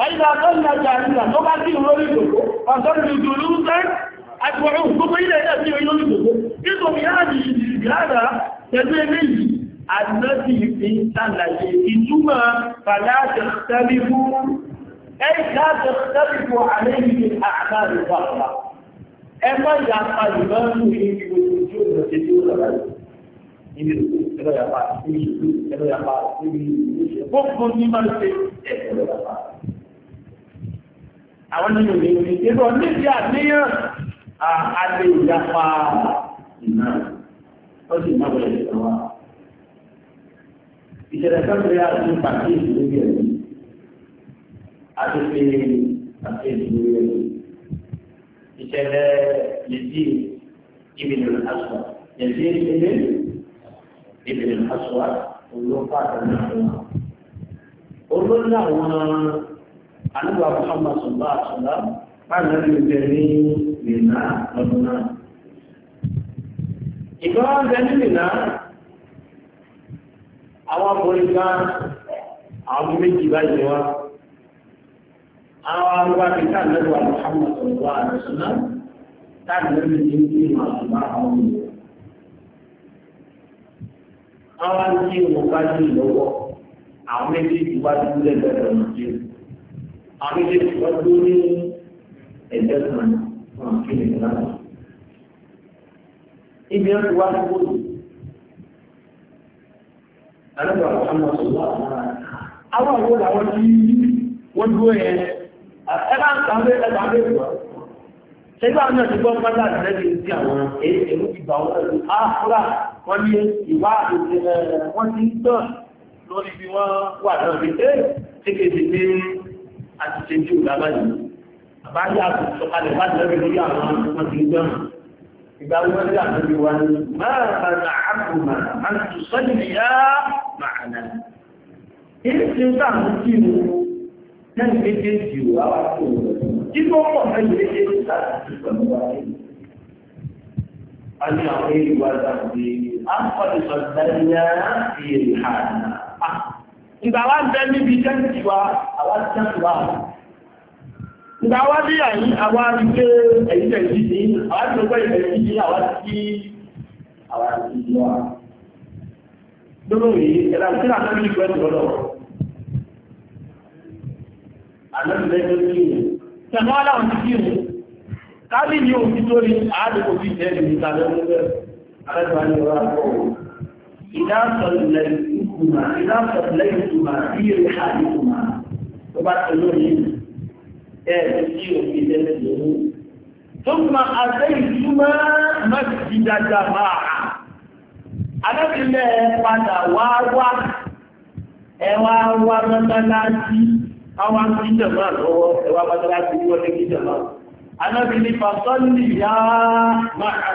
ọ̀yíká tọ́lá jàrìnà tó bá kírun lórí ìdòkó ọ̀sọ́rọ̀ ìlú olóòtẹ́ àtìwọ̀rún gbogbo ilẹ̀ ẹ̀dẹ́ sí orí lórí ìdòkó títò mìírànì ìgbìyànà pẹ̀lú eléyìí àdínábì fi ń tàlàyé ìtumọ̀ fàdáṣẹ̀ tẹ́lifú ẹ̀dáṣẹ̀ tẹ́lifú àlẹ́yìn àkàrí pàpà ẹgbẹ́ ìyàpá ìmọ̀rún ìrìn ìgbòho tí ó lọ níbi àwọn nínú ìlú ìgbésọ̀ níbi àníyàn àti ìyapa ìná ó sì máa wọlé ìjọba ìṣẹ̀lẹ̀ sọ́kùnrin àti pàtí ìṣẹ̀lẹ̀ bí ẹ̀rí àti pé pàtí ìṣẹ̀lẹ̀ bí ẹ̀rí ìṣẹ̀lẹ̀ yẹ̀dí ìbìlẹ̀ àṣọ yẹ̀dí ìṣẹ̀lẹ̀ ìbìlẹ̀ àṣọ olóńgbà àtàlẹ́ àwọn àdúgbò Muhammad sọ̀lá àṣọ̀lá báyìí lórí ìgbẹ́ ní Mìnà lọ́dún náà. Ìgbọ́n wọn bẹ ní Mìnà àwọn ọkùnrin ká àwọn méjì báyìí wá. Àwọn arúgbó akíkà lẹ́wọ̀ Muhammad sọ̀lá àṣọ̀lá táàbí lórí ìdí ní ìmọ̀ àṣọ̀lá àwọn Àwọn tí àbíjẹ́ ìwọ́dún ní ẹ̀jẹ̀ kan wọn kí ni lára. Ibi wọn ti wá sí bóòlù. Àlọ́bà àmọ̀ sọ̀rọ̀ àwọn àwọn àwọn tí wọ́n dúró yẹn. Ẹ bá ń kàwé ẹ bá ń bẹ̀rù wá. Ṣẹ́gbà náà ti gbọ́ pátá àtìlẹ́yìn ti àwọn èrú ìgbà wọn lọ́dún. Á fúra wọ́n ní ìwá àti wọ́n ti ń tàn lórí bí wọ́n wà náà bí ẹ́ ṣékèjì ní àti ṣe jù lábá yìí àbájá àti sọ̀kalẹ̀ bá lẹ́rẹ̀ lórí àwọn ọmọ ti gbọ́n ìgbà wọn ní àtúndì wa ni máa bàrà àkùnmà àti sọ́yìn yá màánà èyí ti ń tàn kí mu lẹ́yìn méjèèjì wà wá kó kí ló pọ̀ lẹ́yìn méjèèjì láti pẹ̀lú wa yìí. a ní àwọn èèyàn ìgbàwà ń bẹ níbi jẹ́sìwà àwájẹ́sìwà ìgbàwà bí àyí àwá rí pé ẹ̀yíjẹ̀ ìdíje àwájẹ́sìwà ìdíje àwájí àwájẹ́sìwà lórí ẹ̀làmìtìlà lórí ìgbẹ́ ìgbọ́lọ̀ Kábí ni òun ti tó rí àádùkò bí jẹ́ ìrìnlẹ̀ ìtàlẹ́ ọmọdé, àrẹ́gbà ni ọ̀rọ̀ àpọ̀ ìdásọ̀ ìlẹ̀ kùmà iná sọ̀tìlẹ́yìn kùmà bí eré ha ní kùmà tó bá tó lónìí ẹ̀ ẹ̀ tí òkè lẹ́lẹ́ lówó. tó kùmà àṣẹ ìtumọ̀ mẹ́sìkì dáadáa máa hà. adábìlẹ̀ padà wá wá ẹ wá wá mọ́tàláàtì àwọn akíjọba lọ́wọ́ ẹ wá mọ́tàláàtì wọlé kíjọba. adábìlẹ̀ fasọ́lì yá máa hà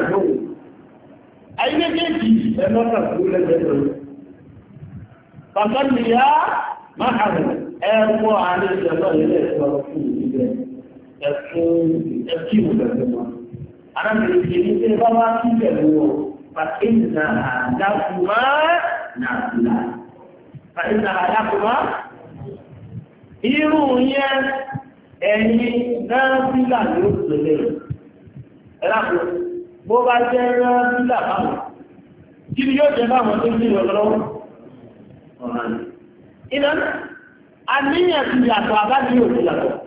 ayé méjèèjì ẹ lọ́kàn kú lẹ́gbẹ̀ẹ́ lọ́wọ́ pàtàkì yá máa hàrẹ̀ ẹ̀kọ́ àárín ìjọba ilé ẹ̀kọ́ fún ìbílẹ̀ ẹ̀kún ẹ̀kí ìwòlẹ̀kùn wọn. arábìnrin kì í ṣe bá wá sí ìbẹ̀rù wọn fàkínà àdákùmá nàbìlà fàkínà àdákùmá irú yẹn kí ni yóò jẹ báwọn tó ń ìlànà àníyàn ti yàtọ̀ àbájú òfin yàtọ̀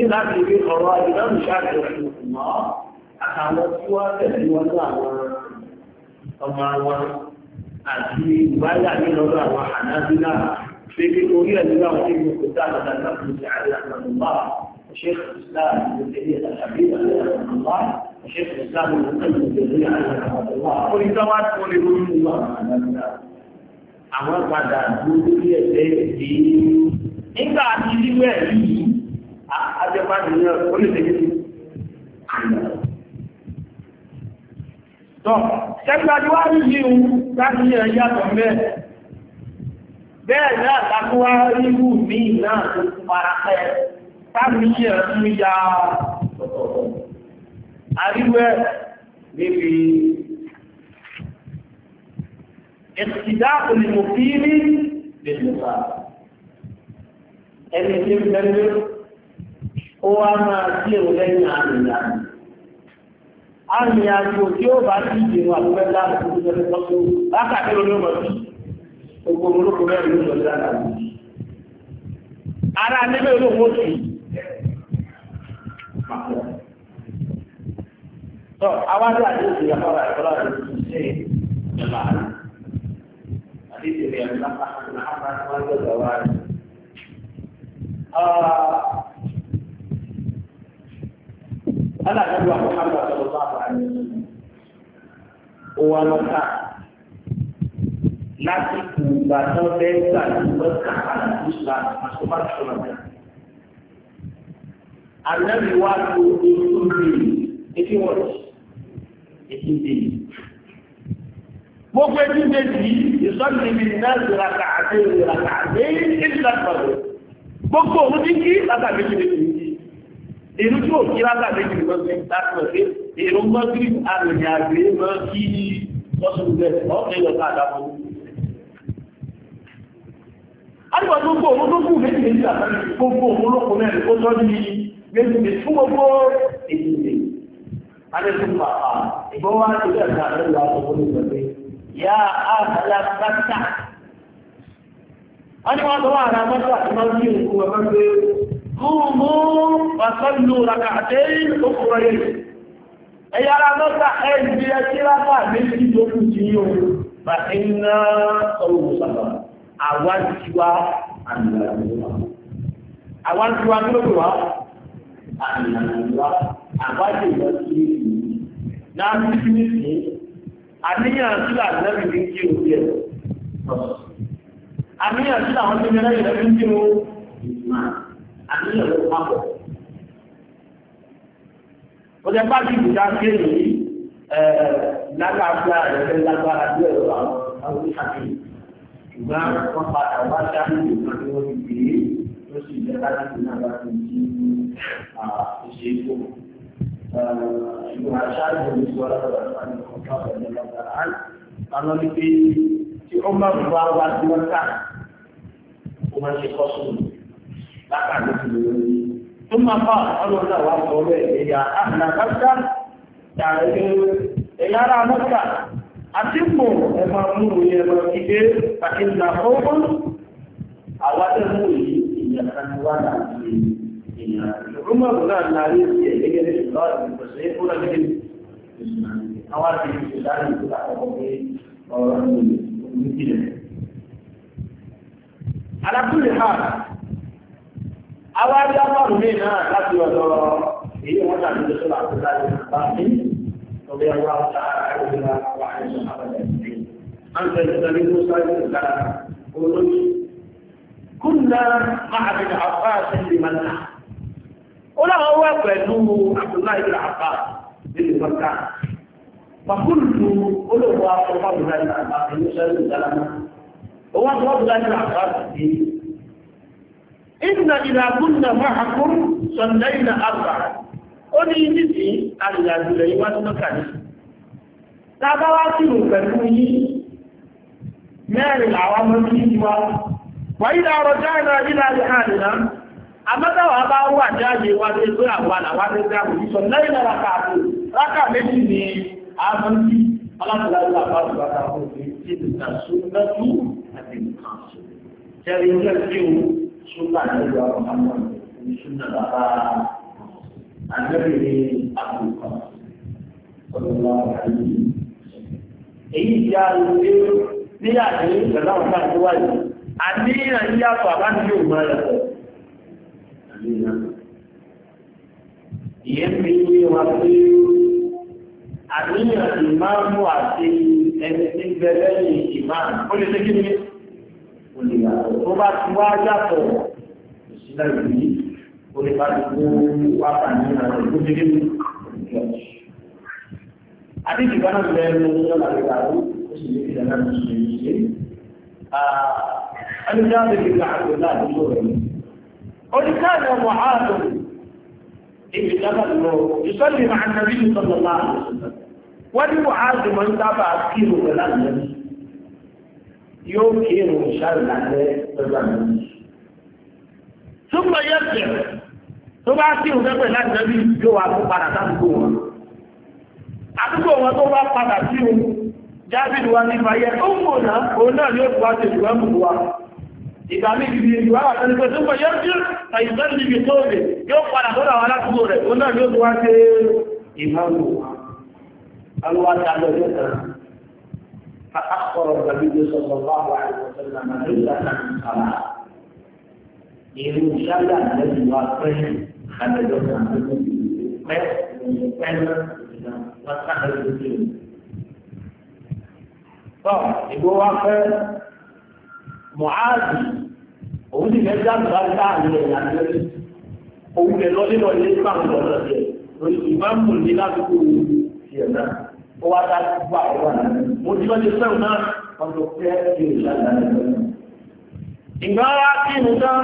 ìlà ti rí ọ̀rọ̀ ìlànà ìṣàkóso ìmọ̀ àtàwọn tí wọ́n tẹ̀lé wọn ní àwọn ọmọ wọn àti ìbáyà nínú ọ̀rọ̀ àwọn àdájúlá pépé orí ẹ̀ nínú àwọn ìlú kò dá àgbàdà láti ṣe àdéhùn àgbàdà ṣe ìlànà ìlú tẹ̀lé àgbàdà شيخ الإسلام المقدم جزيلا رحمه الله ورزوات قولي رحمه الله àwọn padà dúró bí ẹsẹ̀ èdè nígbà tí wíwẹ̀ yìí ajẹ́pàdé ní oníṣẹ́gbẹ́sí. tọ́ ṣẹ́gbàdé wá rí yìí ń láti yẹ̀ yàtọ̀ mẹ́ bẹ́ẹ̀ náà takúwá rí wù mí náà tó fara pẹ́ sáàmì yẹ̀ àríwẹ́ níbi ìsìdá olùmọ̀fíìrí lèlùfà ẹni tí ń bẹ̀rẹ̀ ó wá máa sí èrò lẹ́yìn àmìyàn àmìyàn tí ó bá sí ìdìrò àgbẹ̀ láti ìjọba ìpọ́sọ̀ lákàtí olóòmọ̀ sí gbogbo olóko mẹ́rin ló lọ sí àgbà ara nílé olóòmọ̀ sí So awal dia ada dia orang kalau ada sih jalan. Jadi dia yang nak nak nak semua itu jalan. Ah, anak kedua Muhammad Sallallahu Alaihi Wasallam. Wanita nasi kuda dan dan berkah Islam masuk masuk Islam. Anak diwaktu itu ini itu wajib. 18 days gbogbo 18 days yìí ìsọ́nà ibi náà ti ra kàáfẹ́ ra kàáfẹ́ ìlú àgbàdo gbogbo òun ti kí látà méjì méjì méjì èrú tí ò kí látà méjì méjì láti ọ̀sẹ̀ èrú mọ́gírì àròyìn àgbẹ̀ mọ́ kí lọ́sùn bẹ́ẹ̀ ọ̀kẹ́ lọ́ta àdàbọ̀ Àdìgbà gbogbo òun tó kù méjì méjì àtàkì gbogbo òun lókun mẹ́rin ó tọ́jú méjì méjì fún gbogbo èyí méjì alẹ́kùn pàpà ìbọn wá sí ẹ̀ka àtẹ́lẹ̀ àtọ́kọ́ ní ìgbàgbé yá àtàlà bàtà. wọ́n ní wọ́n tó wà ara mọ́tò àti máa ń fi òkú ẹ̀fọ́ pé kúùmù pàṣẹ́lú ràkàtẹ́ òkúrọ̀ yẹn. ẹ̀yà ara mọ́tà ẹ̀ ń di ẹtí rákà méjì tó kù sí yìí o bàtà iná sọ̀rọ̀ sàbà àwa ti wá àmì àmì wa àwa ti wá kí ló pè wá àmì àmì wa àbájé lọ sí ìlú náà ní fínísì àníyàn sí àdínẹ́bì ní kí o jẹ àníyàn sí àwọn tó mẹ́rẹ́ ìlẹ́bí ń kí o àníyàn ló papọ̀ ó jẹ́ bá dìbò dá sí èyí lágbàgbà rẹ̀ lágbára bí ẹ̀rọ àwọn àwọn ìṣàkíyèsí ṣùgbọ́n wọ́n padà wá sáré ìgbà tí wọ́n ti gbé ló sì jẹ́ láti náà láti ní ṣe é ìgbìmọ̀ àṣáájú oníṣòwò alábàbà ìfàmì ọ̀gá ọ̀gá ọ̀gá àná. àwọn ní pé tí ó máa bá wa tí wọ́n kà ó máa ṣe kọ́sù lákàtà tó lè lórí. tó máa bá ọlọ́dà wa sọ bẹ́ẹ̀ ẹ̀yà àmàlà káṣá tààrí ẹ̀yà ara على كل حال أوار يقول هنا لا تيوضع هي وضع من رسول عبد الله بن عباس رضي الله تعالى عنه وعن الصحابة أجمعين أنت النبي موسى كنا مع ابن عباس لمن نحن ó láwọn wá pẹ̀lú Abdullahi ibn Abbas nínú mọ́ta pàkúlù olóòwò akọ Abdullahi ibn Abbas nínú sẹ́lẹ̀ ìdálámà owó akọ Abdullahi ibn Abbas sí ìdùnnà ìlàkúnnà máàkún sọ̀ndẹ́yìn àgbà ó ní ibi tí àrìnàjò rẹ̀ yíwá tó kàní tábá wá sí mẹ́rin àwọn ọmọ sí wa wà ìlà ọ̀rọ̀ jáìnà ìlà ìhànìyàn àmọ́tàwà bá wà jáde wá sí pé àwọn àlàwádé dáàbò ìṣọ̀ lẹ́yìn náà rákà àbò rákà méjì ni àwọn tí aláàbòláwò àbáwò bàtà kò fi ti nìkan súnmọ́ tú àti nìkan súnmọ́. jẹ́rìí ń lẹ́sí o súnmọ́ àlejò àwọn ọmọ ní súnmọ́ bàbá àgbẹ̀rẹ̀ àbùkọ́ ọlọ́wọ́ àyè. èyí ti a lè ṣe ní àdéhùn ìgbàláwọ̀ káàkiri wáyé àníyàn yíyàtọ̀ àbáníyàn ò ìyẹn fi yé wa pé àníyàn ìmáàmù àti ẹni tí ń bẹ lẹ́yìn ìmáàmù ó lè ṣe kí ni ó lè yàtọ̀ tó bá ti wá yàtọ̀ ìṣílẹ̀ ìlú ó lè bá ti kó wá àníyàn rẹ̀ ó ṣe kí ni àti ìgbàna bẹ̀rẹ̀ ní ọ̀nà ìgbàlú ó sì lè fi dáná ní ìṣẹ̀lẹ̀ yìí. Alúgbà bẹ̀rẹ̀ ní àgbẹ̀lá àdúgbò rẹ̀ oníkàánà mọ̀háàdù ibi dábàlọ́ ìsọ́lì máa nàbí ìsọ́lọ́lá wọ́n ní mọ̀háàdù máa ń dábàá kírù pẹ̀lú àjẹ́bí yóò kírù ìṣàlàyé pẹ̀lú àjẹ́bí túnbọ̀ yẹ́ jẹ́ tó bá kírù pẹ̀lú àjẹ́bí yóò wá tó padà sádùgbò wọn àdúgbò wọn tó bá padà sí wa ìgbà méjì bí ìgbà àtàrí pé tó pẹ̀yẹ́ tí àìsàn níbi tó rẹ̀ yóò padà tó ràwà látúgbò rẹ̀ ó náà yóò wá sí ìmáàmù alúwà tààlọ́ yóò tàn á àkọrọ̀ tàbí tó sọ̀rọ̀ bá wà ìwọ̀sọ̀rọ̀ àmàlà yóò tàn án ìlú ṣáàlà lẹ́yìn wá pẹ́ àbẹ̀jọ́ kan pẹ́ pẹ́ wọ́n sáré lójú. Tọ́ ìgbó wá pẹ́ mọ̀háàzì òun sì fẹ́ dáàbò bá láàrin ẹ̀yà lẹ́yìn òun lè lọ nínú ilé ìgbà ńlọ lọ́dẹ̀ lórí ìbámu ní lásìkò tiẹ̀ náà ó wá dá gbà wà mo ti lọ́jọ́ sẹ́wọ̀n náà wọ́n tó fẹ́ kí o ṣàlàyé lọ́dẹ̀. ìgbà wa kí ni tán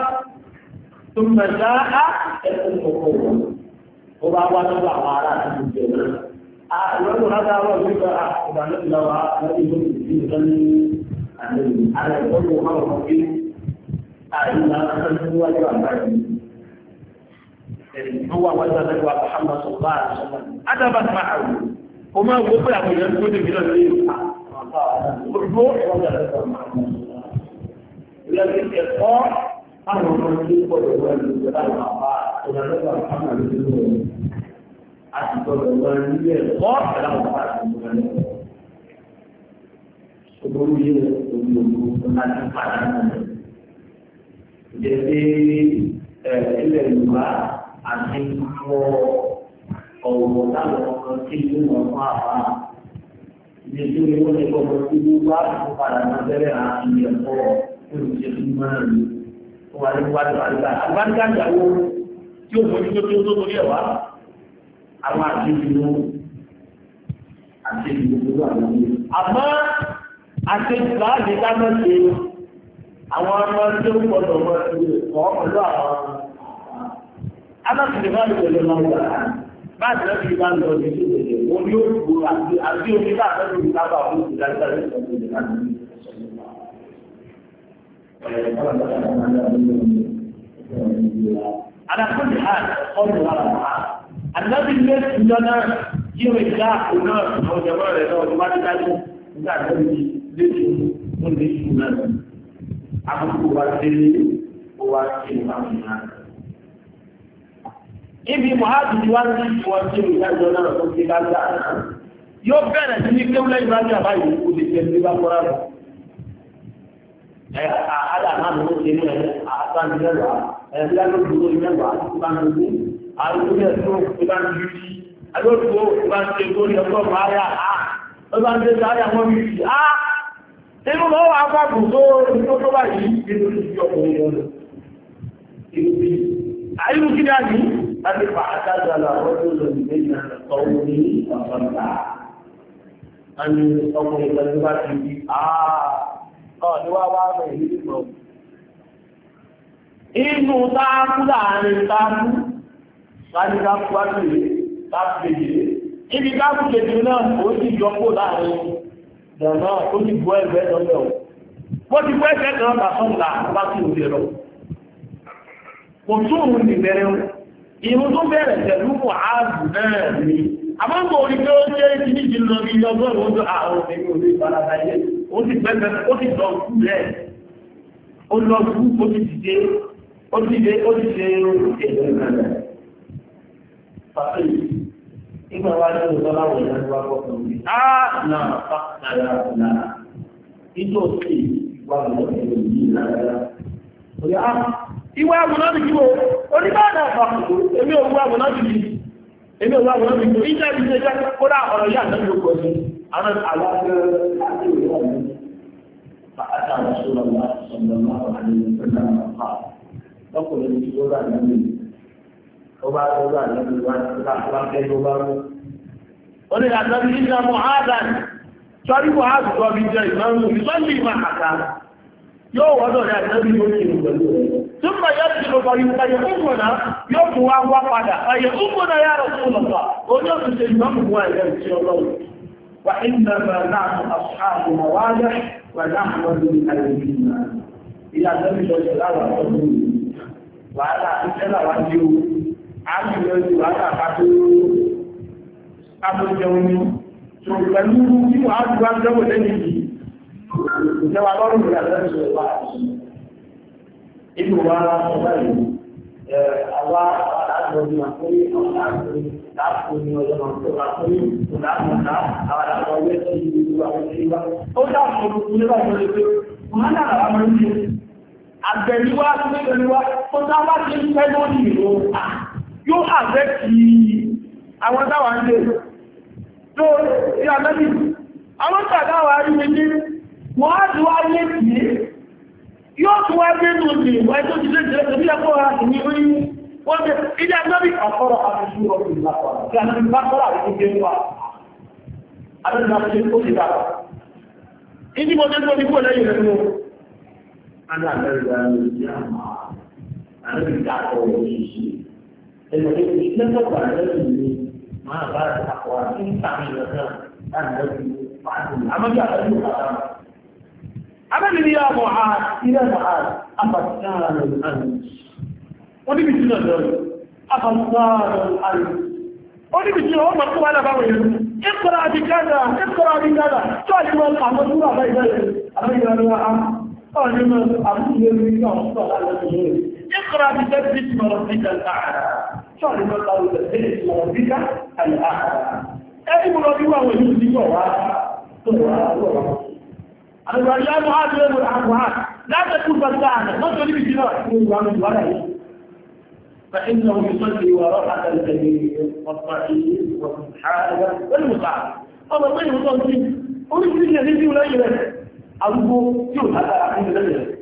tó mẹ̀ta á ẹ̀sìn kòkó wọn ó bá wá lọ́dọ̀ àwọn ará àti ìjọba náà. àwọn ọlọ́run á dá wọn nípa ìgbà náà annabi ana da farko har mafi a ina san ruwa da annabi ruwa wanda da ruwa Muhammad sallallahu alaihi wasallam adaban ma'ahu kuma gobe a gidan ko da gidan ne ruwa wanda da ruwa Muhammad لكن الإقرار أمر من الولد والأعضاء ونذكر محمد بن نور أحد الولد الإقرار فلا مقارنة olórí yẹ omi òkú láti padà nù. Ìjẹ́sí ilẹ̀ Yorùbá àti ìwọ ọ̀wọ̀ táwọn ọmọ tí ìlú wọn fún àbá. Ìjẹ́sí omi wọn ní ọmọ tí ìlú wá fún padà nù abẹ́rẹ́ àti ẹ̀kọ́ olùjẹ́sí máa ń lò. Wọ́n wá ní wájú àgbà. Àgbáńgá ìyàwó tí ó fojú tó tó torí ẹ̀ wá. Àwọn àti ìlú àti ìlú gbogbo àwọn ìlú àti ìgbàlè dáná ṣe àwọn ọmọ tí ó gbọdọ̀ wọ ìlú ẹ̀kọ́ pẹ̀lú àwọn ọmọ. alákùnrin bá lè wọlé máa wà bá a tẹ̀lé fi bá ń lọ sí ìlú ẹ̀kọ́ wọn yóò gbó àti àti omi bá a tẹ̀lé fi bá bá àwọn ìlú dáadáa lè sọ fún ìlú Adakun ha ọdún wa wà. Àdàbí ilé ìjọ náà yíò ìjà òun náà àwọn ìjọba rẹ̀ náà ọdún bá ti dájú nígbà tó ń yí lẹ́yìn mú ní ìṣúná àkókò wa délé ó wá sí àwọn ìlànà. Ibi Mùhàdù ti wá sí ìwọ̀n tí ìdájọ́ náà tó ti bá gbà náà. Yóò bẹ̀rẹ̀ sí ní kéwúlẹ̀ ìbájú àbáyé kò lè jẹ́ ní bá kọ́ra rẹ̀. Ẹ àádà náà ló ń ṣe ní ẹ̀ àtàndì mẹ́wàá. Ẹ bí a ló dúró ní mẹ́wàá tó bá ń lò. Àlùkò yẹn tó bá ń lu yí. Àlùkò tó bá ń ṣe tó ní ọgbọ́n máa yà á. Ó bá ń ṣe sáré àwọn mi yìí á inú lọ wà fàbù tó tó tó bá yìí inú sí ọkùnrin lọ́nà inú bí àìlú kí ní àjí láti fà àtàzàlà ọdún lọ nílé ìrìnà ọ̀rọ̀ ní ọ̀pọ̀lá a ní ọkùnrin lọ́nà bá ti di àà ah, níwá wá rẹ̀ jọ̀nà ó ti gbọ́ ẹgbẹ́ lọ́lẹ́ o wọ́n ti gbọ́ ẹgbẹ́ kan lásán là bá sí òde lọ kò tún òun ní bẹ̀rẹ̀ o ìrun tó bẹ̀rẹ̀ pẹ̀lú ààbò náà ni àmọ́gbò orí pé ó ṣe ti ní ìjìnlọ bí ọgọ́rùn-ún ọjọ́ àwọn obìnrin òde ìfarada yẹ ó ti gbẹ́gbẹ́ ó ti lọ kú rẹ̀ ó lọ kú ó ti dìde ó ti dé ó ti ṣe èrò ìgbàlẹ̀ pàtó yìí nígbà wá ní òótọ́ láwọn ìyá tó wá bọ́ fún mi á nà fà nàrà nàrà nígbà òsì wà lọ sí òbí nàrà òyà á ìwé àmúnábìkí wo oníbàdàn àpapọ̀ èmi ò wú àmúnábìkí èmi ò wú àmúnábìkí ìjà ìdíje jẹ́ kódà ọ̀rọ̀ yà náà ló kọ́ sí àwọn àlàáfẹ́ àti ìwé àmúnábìkí فأتى رسول الله صلى الله عليه وسلم فقال لقد رسول الله ọba tọ́lú àlọ́bí wa láàpẹ́ ló bá mú. ó ní àtọ́bí nígbà mohamed sọ́rí mohamed tó bí jẹ́ ìmọ̀rún ìsọ́lì ìmọ̀ àkà yóò wọ́dọ̀ ní àtọ́bí ló ti rù pẹ̀lú rẹ̀. túnbọ̀ yóò ti lọ sọ yìí ayé kúkúrọ̀nà yóò fún wa wá padà ayé kúkúrọ̀nà yà rẹ̀ fún lọ́tọ̀ ó ní òtún ṣe ìmọ̀rún fún àìyẹ́ ìṣe ọlọ́run wa inna ma na'mu ashabu mawada wa na'mu min al-jinna ila tabi lo jalawa wa ala ila wa jiu àbílẹ̀ ojú àtàkàtò àbújẹ omi tó pẹ̀lú tí wà á gbá jọ́wọ́ lẹ́yìn yìí ìjọba lọ́rùn rẹ̀ lẹ́sùn wà ìlú wa ọ̀pẹ́ ìlú àwa àtàkùnrin àkórí àwọn àkórí láàkùnrin ọjọ́ máa tó àkórí ìlànà àwọn àwọn ọgbẹ́ tí ìlú àwọn ìlú ó dáàbò nígbà tó lè pé wọ́n náà àwọn ìlú àgbẹ̀lúwá tó lè wá tó dáwà tí ń fẹ́ lórí ìlú àà yóò àfẹ́ kí àwọn táwà ń lè tó sí àmẹ́bí àwọn tàdáwà rí mi ní wọ́n á ti wá lé kìí yóò tún wá gbé ní òní ìwọ̀n tó ti lé jẹ́ torí ẹ̀kọ́ ra na àmà, àrẹ́bìdá ọ̀rọ̀ òṣìṣẹ́. المدينة لم تكن عليه مع بعض الأقوال إن تعميلها أن يكون لك أنا جاء أيها أما يا معاذ إلى معاذ أفكار الأنس ونبي سنة أنا الأنس ونبي سنة وما اقوى أنا أنا اقرأ بكذا اقرأ بكذا قال ما الأحمد الله انا أغير الله أنا ما أقول لك أنا اقرأ بسبب اسم ربك الأعلى قالوا قول اسم ربك الأعلى أعلم ربي وهو يسلم وهو أنا يا معاذ يا معاذ لا تكون فتانا ما تقول لي بجناح فإنه يصلي وراء الكبير والضعيف والمحارب والمصعب هذا طيب وصلي أريد أن يهدي ولا يهدي أبو هذا عند الله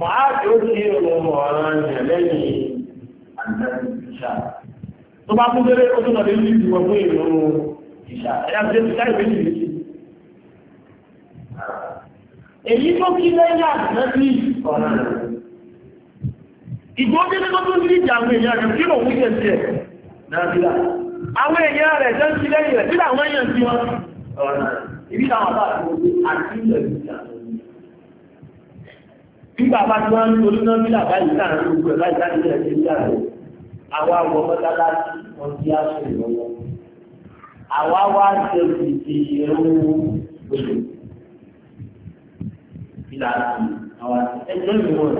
Mọ̀háàdì ó ti ọmọ ọ̀ràn rẹ̀ lẹ́yìn àdájú ìṣà. Tó bá kún bẹ́rẹ̀ ó tó nà lè ní ìwọ fún ìlú ìṣà. Ẹ̀yà ti ṣe láì méjì méjì. Èyí tó kí lẹ́yìn àdájú ọ̀ràn rẹ̀. Ìgbọ́n jẹ́ tó tó ní ìjà àwọn èèyàn rẹ̀ kí lòun yẹ̀ sí ẹ̀ nàbílà. Àwọn èèyàn rẹ̀ jẹ́ sí lẹ́yìn rẹ̀ sí àwọn èèyàn sí wọn. Ìbí àwọn àbá àti ìlẹ̀ ìjà nígbà bá tí wọ́n ń torí náà nílà báyìí náà ń gbogbo ẹ̀ láì láti ilẹ̀ ṣe ń yàgò àwa wọ mọ́tálá tí wọ́n ti á sùn lọ́wọ́ àwa wá ṣe òṣìṣẹ́ ìrú gbèsè ìlànà àwa ẹgbẹ́ mi wọ̀n.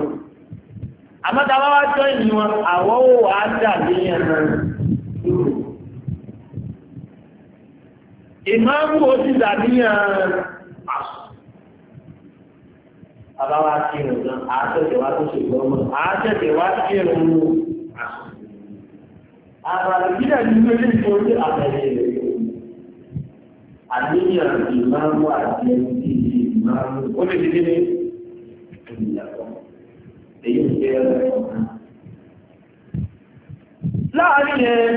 àmọ́tá wá wá jọ ìlú wọn àwọ̀ ó wà á dà bí ẹ̀rọ dúró. ìmáàmù ó ti dà bí ẹ̀rọ àṣọ bàbá wa kí irun náà àátẹ̀tẹ̀ wá tó ṣègbọ́n mọ́ àátẹ̀tẹ̀ wá kí irun mú àbàlù yíyà ní ilé ìfowópamọ́ àbẹ̀lẹ̀ rẹ̀ àníyàn ìmáàmù àti ẹni ìmáàmù ó lè dídí ní ìyàtọ̀ èyí ń jẹ́ ẹ̀rọ láàárín ẹ̀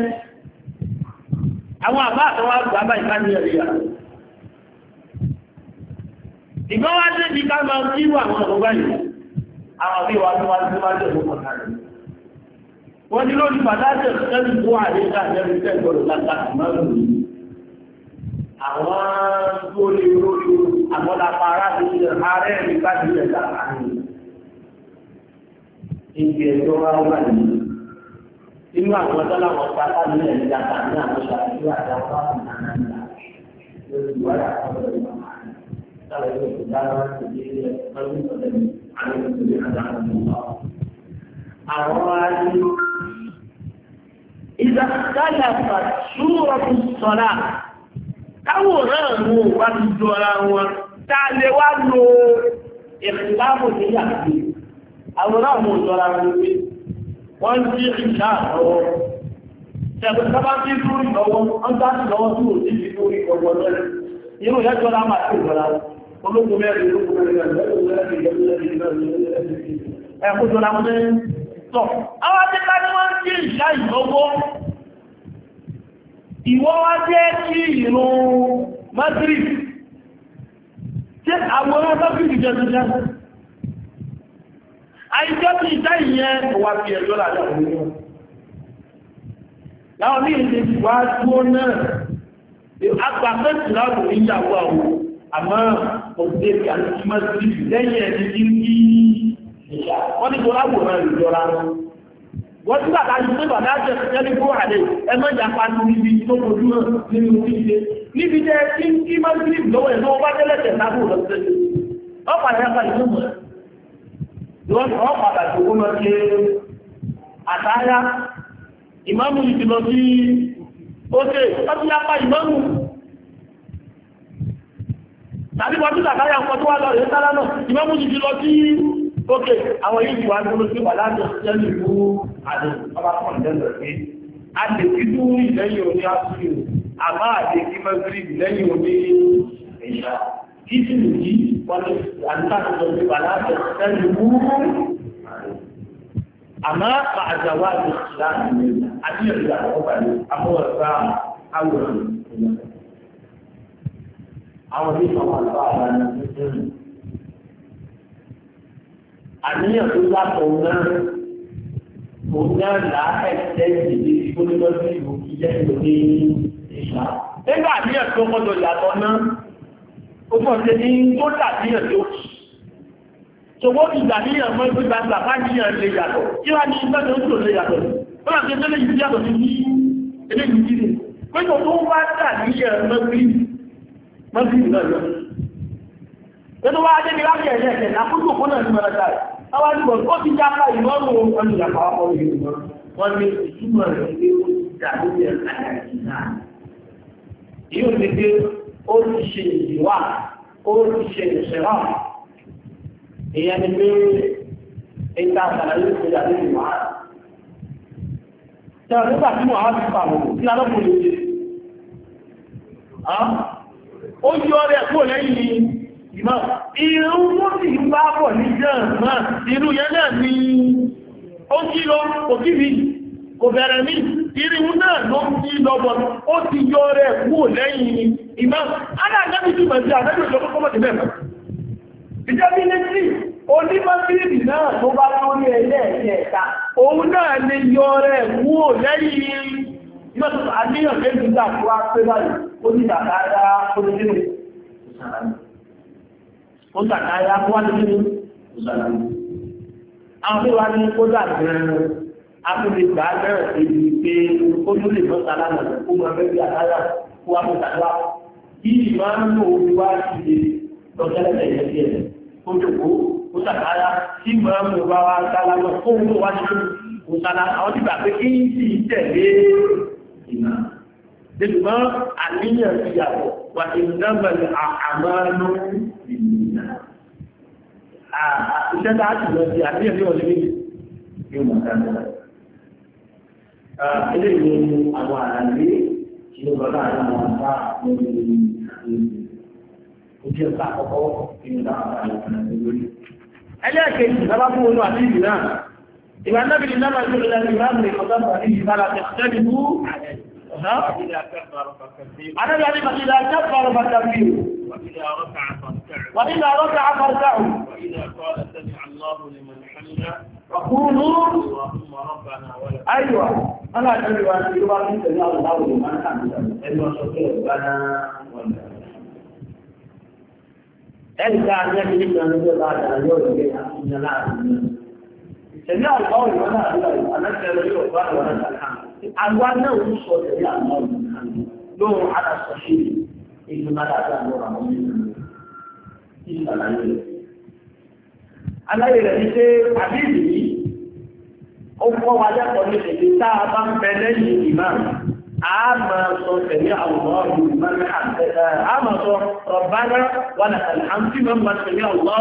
àwọn àbá àtọwà gbà báyìí ẹ̀rí yàtọ̀ ìgbọ́n wá sí ibi ká máa kí wà àwọn ọ̀rọ̀ báyìí àwọn bí wà tó wá sí wá jẹ́ òun kọ̀ọ̀kan rẹ̀ wọ́n ní lórí pàtàkì ẹ̀sẹ̀lú kó àríkà lẹ́rú tẹ́gbọ̀rọ̀ látàkì máa lò ní àwọn tó lè lórí àwọn lápárá tó lè ààrẹ nípa ní àwọn tọ́láwọ̀ pátá nílẹ̀ ìjàpá ní àwọn ṣàkíyà على يوم القيامة سبيل من قدم على سبيل عدالة الله أوائل إذا اختلفت سورة الصلاة káwòrán mú wá ti jọra wọn táà lè wá lo ìpàmù ní àti àwòrán mú jọra wọn pé wọ́n tí ìṣà àwọ́ ṣẹ̀gbẹ̀sábá tí lórí lọ́wọ́ wọ́n tá lọ́wọ́ tí ò sí ológun mẹ́rin ológun mẹ́rin ológun mẹ́rin ológun mẹ́rin ológun mẹ́rin ẹ̀kú jọra mú tọ́ àwọn akẹ́kọ̀ọ́ ni wọ́n ń jẹ́ ìṣá ìlọ́gbọ́ ìwọ wá jẹ́ kí ìrún madrid jẹ́ àwọn ọlọ́pìn ìjọ ìjọ àìjọ́ tí ìjá ìyẹn wà fi ẹ̀yọ́ láàrín àwọn ènìyàn láwọn ní ìdí ìwà tó náà àgbàfẹ́ ìsìláàmù ìyàwó àwọn àmọ́ òṣèré àtìmọ́sí lẹ́yìn ẹni ń ìṣà wọ́n wò náà ìjọra wọ́n tí bàbá yìí pé bàbá jẹ́ ẹni kó ẹmọ́ ìjàpá ní tó kojú nínú ìṣe níbi jẹ́ kí ń kí máa ń lọ́wọ́ ẹ̀ lọ́wọ́ bá tẹ́lẹ̀ tẹ̀ ọ̀pá tàbí wọ́n tí làkáyà ń kọ́ tó wá lọ rẹ̀ sára náà ìmọ́ mú jù lọ sí òkè àwọn yìí ti wá ní olóṣèlú wà láti ọ̀sẹ̀ ìlú àdó lẹ́lọ pé a lè fi dún ìlẹ́yìn òní àṣírí àmá àti kí mẹ́sìrì ìlẹ́yìn òní ẹ̀yà kí sì lè yí wọ́n lè àtàkùn lọ wà láti ọ̀sẹ̀ ìlú àmá àjàwà àwọn bí wọn wà lọ àwọn ẹni tuntun àníyàn tó bá tó náà kò náà là á ẹsẹ ìdílé ìgbónílọ́sí ìlú ìjẹ́ ìlú ní ìṣá. nígbà àníyàn tó kọjọ yàtọ̀ náà ó kàn ṣe ní tó dàbíyàn tó kì ṣòwò ìgbàníyàn mọ́ ìgbé gbàgbà káníyàn lè yàtọ̀ kí wá ní ìgbẹ́ tó ń tò lè yàtọ̀ ó rà pé tẹ́lẹ̀ yìí yàtọ̀ sí ní eléyìí kí ni pé tó tó bá dàbíyàn mọ́ ìgbé mọ́sílì náà lọ. Tẹ́tọ́ wá dé ní láti ẹ̀jẹ̀ ẹ̀jẹ̀ àkókò kó náà ní mọ́ra táyà. Àwọn àdúgbò ó ti já ká ìmọ̀rù wọn ní àpá ọmọ ìlú mọ́. Wọ́n ní ìtumọ̀ rẹ̀ pé ó ti dà lórí ẹ̀ka ìlà. Yóò ní pé ó ti ṣe ìwà, ó ti ṣe ìṣẹ̀wà. Ìyẹn ni pé ìta àtàlàyé ti dà lórí ìwà. Tẹ̀wọ̀n nígbà tí mo á ti pààrọ̀ kí ó yọ rẹ̀ kó lẹ́yìn ìmọ̀ irun mú sí bá bọ̀ ní jẹ́mà irú yẹn náà ni ó kí lọ kò kí mi kò bẹ̀rẹ̀ mí irun náà ló kí lọ́bọ̀ ó ti yọ rẹ̀ kó lẹ́yìn ìmọ̀ onímọ̀bíìbì náà tó bá lórí ẹlẹ́ẹ̀kẹta òun náà lè yọ rẹ̀ kúrò lẹ́yìn nígbà tó àníyàn lè ní ìgbà tó wá pé báyìí ó ní ìdàkáyá ó ní nínú ó ní ìdàkáyá ó wá ní nínú àwọn tó wá ní kódà gẹ̀rẹ̀ àtúndì gbà bẹ̀rẹ̀ èyí pé ó ní lè mọ́ sàlámà ó máa bẹ́ẹ̀ bí àkáyà ó wá mọ́ sàlámà kí ìmọ̀ ń lò ó wá sí lọ́tẹ́lẹ̀ yẹn sí ẹ̀ ìmá débi mọ́ àníyàn ti yàtọ̀ wà ìdámẹ́lẹ̀ àmánú ìmìnà iṣẹ́ tá a ti lọ sí àníyàn ní ọ̀lẹ́ méjì ní ọmọ dáadáa ilé ìwé àwọn àlàyé tí ó lọ láàrin àwọn àbá lórí ìrìn ojú ẹ̀ka àkọ́kọ́ ìrìn láàrin àwọn àlàyé lórí ẹlẹ́ẹ̀kejì lábá fún olú àti ìrìn náà ìwà náà bí ها؟ أنا يعني إذا كبر فكبر وإذا ركع فاركعوا وإذا ركع فاركعوا وإذا قال سمع الله لمن حمده فقولوا اللهم ربنا ولك أيوه أنا أقول أن يبارك سمع الله لمن حمده أيوه ربنا ولك أنت أن يجب أن يكون هذا اليوم في أحسن tẹ̀lé àgbà òyìnbó àwọn aláyé rẹ̀ ní pé yìí ó kọ́ wa ní bá ń bẹ lẹ́yìn a máa sọ tẹ̀lé a máa sọ wà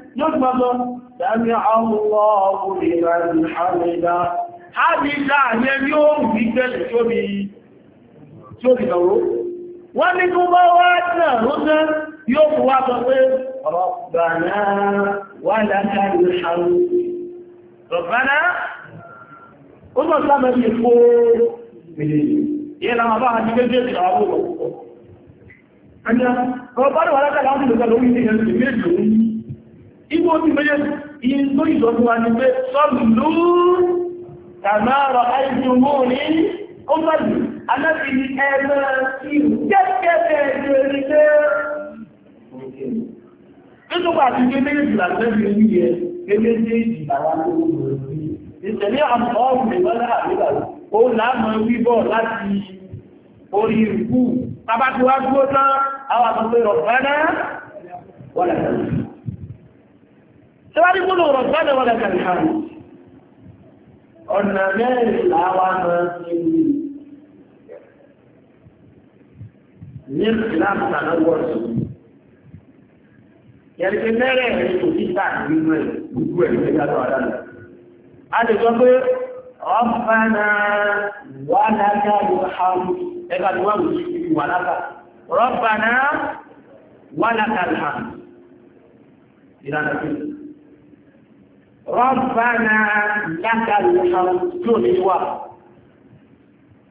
يضمن سمع الله لمن حمده حمده يوم بيتل شوبي شوبي دورو wọ́n ní tó bá wá náà ló tẹ́ yóò fún wá sọ pé Rabbana wa lakal hamd Rabbana ó mọ̀ sáàmà ní fó ìyẹ́nà àbá ibo ti méjì yìí tó ìjọdúnwà ní pé sọ́lù tàbára àìjùmọ́ ní ó mẹ́lù alábi ẹ̀rọ tí kẹ́kẹ́kẹ́ ẹ̀rọ ilé nítorí àti pé méjì làtẹ́bí ní ẹ̀ kéméjì ìjìlára tó rọ̀ sí ìṣẹ̀lẹ̀ àmọ́ọ̀rùn ìwọ́lá àríwá ó láàmọ́ wíbọ̀ láti orí ìrùkú tàbátí wá dúró tán àwọn àtúnfẹ́ rọ̀ fẹ́rẹ́ wọ́n lẹ́yìn tẹ́wàá ní gbọ́dọ̀ ọ̀rọ̀ gbọ́dọ̀ wọlé kàlíkàlí ọ̀nà mẹ́rin làwa máa ń fi wí. ní ìsìlámù náà wọ̀ọ̀sì yẹn ti mẹ́rẹ̀ ẹ̀rí kò ní sáà nínú ẹ̀ gbogbo ẹ̀ ló dájọ́ àdáni. a lè sọ pé ọ̀fàna wàlágà ìlànà tó rọ́bàna lága ìwòsàn tó ní wà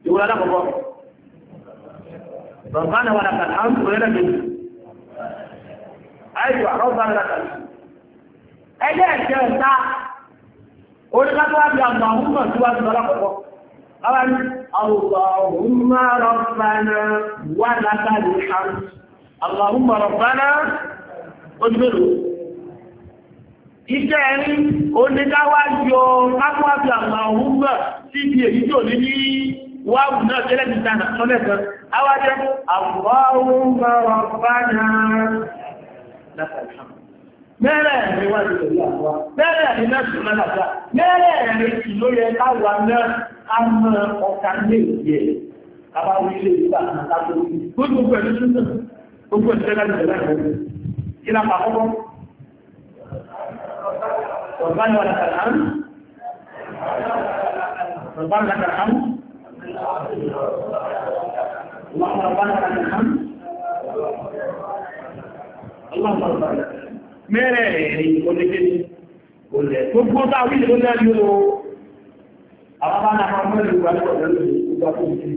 ìwòrán lápapọ̀ rọ́bàna wà lága àwọn tó rẹ̀ lẹ́gbẹ̀ẹ́ ayíwà rọ́bàna lága ẹgbẹ́ ẹ̀ṣẹ́ ẹ̀ta orílẹ̀-èdè àti àmà ọmọ tí wà ní ọlọ́pọ̀ àwọn Allahumma rabbana wà lága ìwòsàn Allahumma rabbana ojú mélòó iṣẹ́ ẹ̀rí oníkáwá yọ ápùwàbí àmà òun náà sí ibi èyí tí ò ní ní wáwù náà tẹ́lẹ̀ ti tànà sọ́lẹ̀ kan awájẹ́ àwọn Gbogbo ẹ̀lú ṣúgbọ́n, gbogbo ẹ̀lú ṣẹ́gbẹ́ ìjọba ìjọba. Ìlàpàá kọ́kọ́, ربنا ولك الحمد ربنا لك الحمد اللهم ربنا لك الحمد اللهم ربنا لك الحمد mẹ́rẹ̀ ẹ̀yìn olókèdè olè tó kó táwí ló náà yóò àwọn bá náà máa mọ́lẹ̀ ìwà ní ọ̀dọ́ lórí ìgbà tó ń fi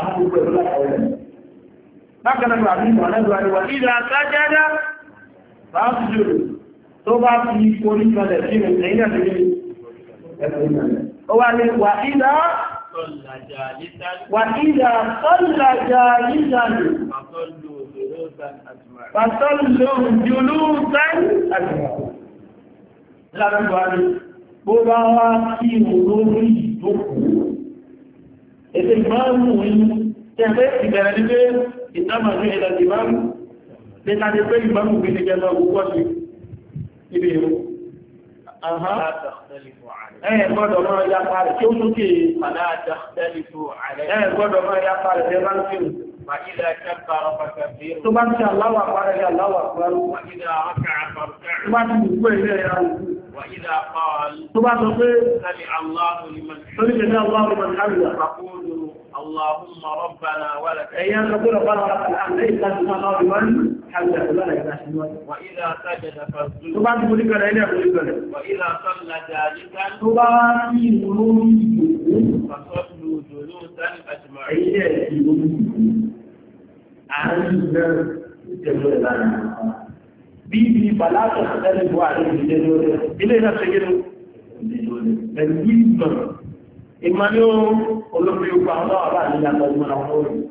àwọn gbogbo ẹ̀rọ láti ọ̀rẹ́ bákan náà àbí ìwà náà lọ́wọ́ ìlà sájádá bá ń fi jòrò tó bá fi orí kalẹ̀ sí rẹ̀ ẹ̀yìn àti ilé ó wá ní wà ìdá wà ìdá tọ́lájà níjànì pàtọ́lù jùlúùtán àjùmọ̀ lábẹ́gbà ní bó bá wá kí olórí ìdókòó ẹ̀sẹ̀ ìmáàmù inú ìbẹ̀rẹ̀ ní ìtàmà ní ẹ̀dà ìmáàmù lẹ́ta ní pé ìmáàmù gbé ní gẹ́gẹ́ ibi ìrù. Ẹ̀yìn gbọ́dọ̀ máa ya parẹ̀ tí ó lókè ẹ̀yìn gbọ́dọ̀ máa ya parẹ̀ tí ó bá ń fi Tó bá ń ṣe aláwà parẹ̀ ya aláwà parẹ̀. Tó bá ti gbogbo ilẹ̀ ya rùkú. Tó bá sọ pé, Sọ́lé Aláwọ̀ اللهم ربنا ولك أيام نقول ربنا ولك الأحلي ليس لنا قادما حمد لنا إذا حمد وإذا سجد فالسجد طبعا تقول لك لا إله إلا الله وإذا صلى ذلك طبعا فصلوا جلوسا أجمعين عندنا بيبي بلا تختلف عليه الجدول إلى نفسك الجدول تنجيل ìmọ̀ ní olóògbé ogun àwọn àbá àdíjà pẹ̀lú àwọn olùgbé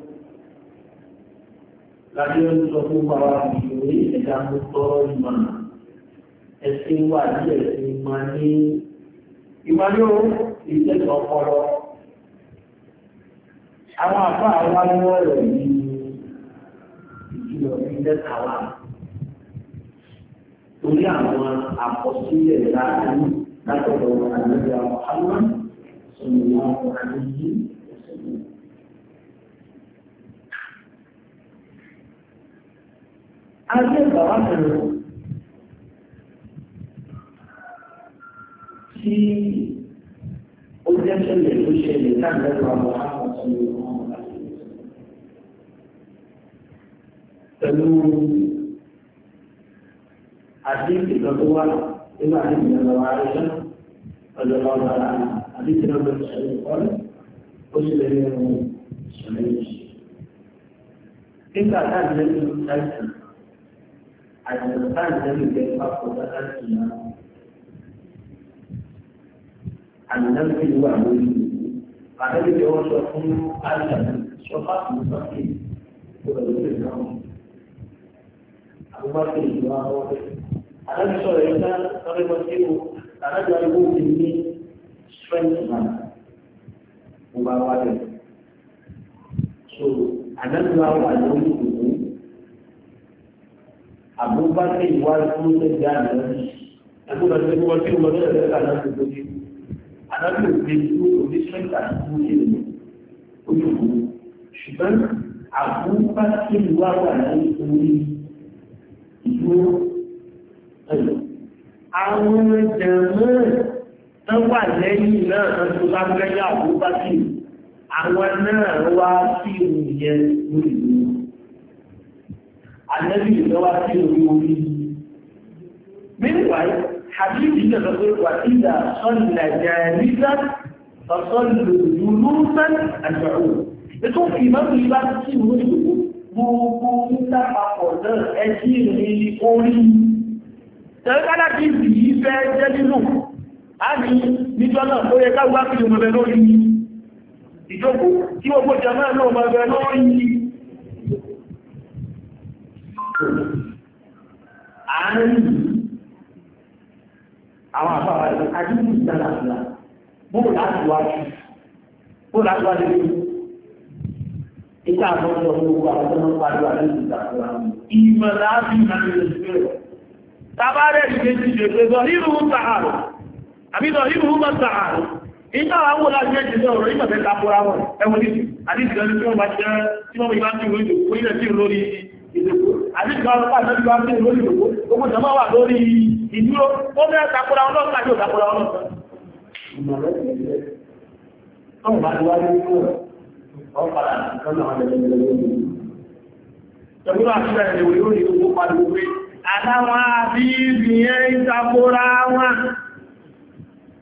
láti ó sọ fún bàbá ìwé ẹ̀dá tó tọ́ ìmọ̀ ẹ̀sìn wà ní ẹ̀sìn ìmọ̀ ní ìmọ̀ ní ìjẹ́sọ̀ ọpọlọ àwọn àbá àwọn àwọn ọ̀rọ̀ yìí ìjìnlẹ̀ ìjẹ́ tàwa torí àwọn àkọsílẹ̀ láàárín látọ̀dọ̀ àgbẹ̀dẹ̀ àwọn àwọn صلى الله عليه وسلم أجل رجل في وجدت الشيء اللي كان يقرأ محمد صلى الله عليه وسلم فلو حديث الرسول إبراهيم بن عائشة رضي الله تعالى عنها حديثنا من سعيد قال قلت له سعيد إذا كان النبي أنت عندما كان النبي يخاف أنت عن نفسه وعبده قال لي هو شخص أعلم شخص مستقيم هو الذي أبو بكر الله عليه النبي صلى الله عليه وسلم قال له أنا جايبه مني fẹ́ǹsìmán mo bá wá bẹ̀. so àdánùwà wà lórí òkú àbúgbàtà ìwádìí tó gbé àná ẹgbẹ́ tó gbé wọ́n tí wọ́n lọ́dọ̀ ẹ̀ka náà tó gbé àdájọ́ òde tó òde sẹ́ńtà tó gbé lè ojú kú ṣùgbọ́n àbúgbàtà ìwádìí wà lórí ìdúró ẹ̀yọ́ àwọn jẹ̀mọ́ọ̀ tán wà lẹ́yìn náà tán tó bá lẹ́yìn àbúbákì àwọn náà wá sí ìyẹ lórí ìlú àlẹ́bí ìlú wá sí orí orí meanwhile habib ìjọ sọ pé wà sí ìdá sọ́nà jẹ́rìíṣà sọ́sọ́nà lùlùmọ́sán àjọ̀rò ètò ìmọ̀tò ìbá sí ìlú ìlú gbogbo nígbà papọ̀ náà ẹjí ìrìn orí tẹ̀lé kádàkì ìbí fẹ́ jẹ́ nínú a ní níjọ́ náà ó yẹ káwà sí ìmọ̀bẹ̀ lórí ìjókòó tí ó gbójẹ náà náà mọ̀bẹ̀ lórí àárín àwọn àpapàá àdúgbò ìdálàfíà bóò láti wájú bóò láti wájú ìta àbọ̀jọ gbogbo àwọn tó ń pàdé àdúgbò ìdálàfíà ìmọ̀lá bí i máa ń lè ṣe rẹ̀ tàbárẹ̀ ìgbésí ṣe pé àbí lọ yìí mú mọ́ta àrùn iná àwọn láti ẹjì náà rọ̀ ìgbàfẹ́ tapora wọn ẹwọ́n ní àdíjìlá ní tí wọ́n bá jẹ́ tí wọ́n bá ti ròyìn òkú ilẹ̀ tí lórí ìdòkó àdíjìlá ọlọ́pàá náà bá ti lórí ìdòkó ogun jọmọ́ wà lórí ìdúró ó mẹ́rẹ́ tapora ọlọ́pàá yóò tapora ọlọ́pàá Àwọn àbí ìbìyàn ìtàkóra wọn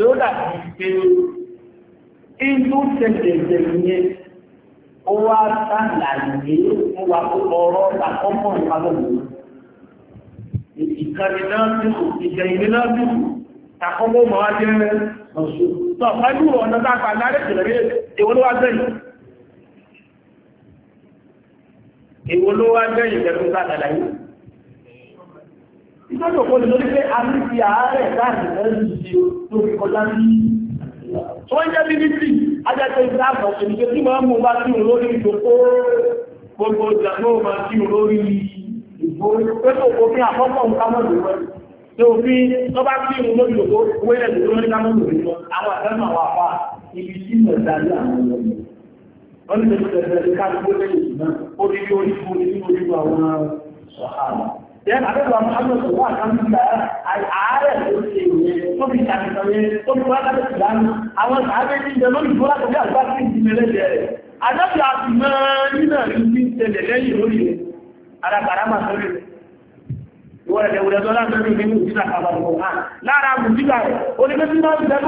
tó dàbí pé inú tẹ̀lẹ̀tẹ̀ yẹn ó wá sàlàyé fún wa tó ọ̀rọ̀ àkọ́kọ́ ìpamọ́ ìkànnì náà dùn ìgbẹ̀yìn náà dùn àkọ́kọ́ mọ́ wá jẹ́ ọ̀ṣun. Tọ́ pẹ̀lú ọ̀nà tá a pa lárẹ́ tẹ̀lẹ̀ èwo ló wá gbẹ̀yìn. Èwo ló wá gbẹ̀yìn pẹ̀lú sàlàyé ìtọ́jọ̀ kò lè lórí pé a ní fi ààrẹ láti ẹ̀rù sí tó fi kọjá sí tó ń jẹ́ bíbítì ajẹ́kẹ́ ìsáàbọ̀ ìṣẹ́ tí máa ń mú bá sí olórí ìjòkó gbogbo ìjàmó máa sí olórí ìgbó pé kò kò fi àkọ́kọ́ ń kámọ́ lè wẹ́ tí ó fi tó bá sí olórí ìjòkó wẹ́rẹ̀ tó lórí kámọ́ lè wẹ́ àwọn àtẹ́nu àwọn àpá ibi tí mọ̀ dájú àwọn ọmọ wọn ní tẹ̀síọ̀tẹ̀ káàkiri ó lẹ́yìn náà ó ní bí orí fún ní orí àwọn sọ̀hálà Then àdẹ́gbà Muhammad wà kàmílà ààrẹ tó ṣe ìwé tó fi ṣàkìtàwé tó fi wọ́n lábẹ́ ẹ̀dẹ̀ wùdẹ̀ tó láti rí nínú Lára máa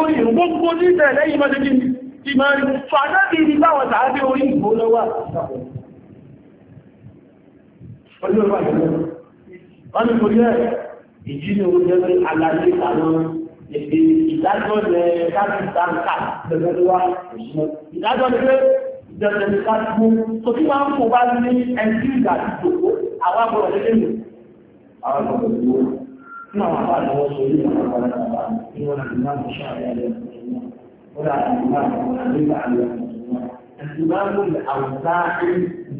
ń ìrùn gbogbo ní ìtẹ̀ lẹ́yìn ti máa sọ báwọn wọ́n ní mo jẹ́ ìjì ní o jẹ́ pé àlàyé àwọn èdè ìdájọ́ lẹ káàkiri dáńkà lẹ́gbẹ̀rẹ́ wa ìdájọ́ ni pé ìjọba ní ká mú tó kí máa ń kó bá ní ẹjú ìgbà tí kò àwọn àbúrò lẹ́lẹ́ mi. àwọn àbúrò lè wọ́n ní àwọn àbá àlọ́wọ́ sọ yìí àwọn àbá àlọ́wọ́ ní wọn àti máa ń ṣe àyà wọ́n dà máa ń wọ́n àti máa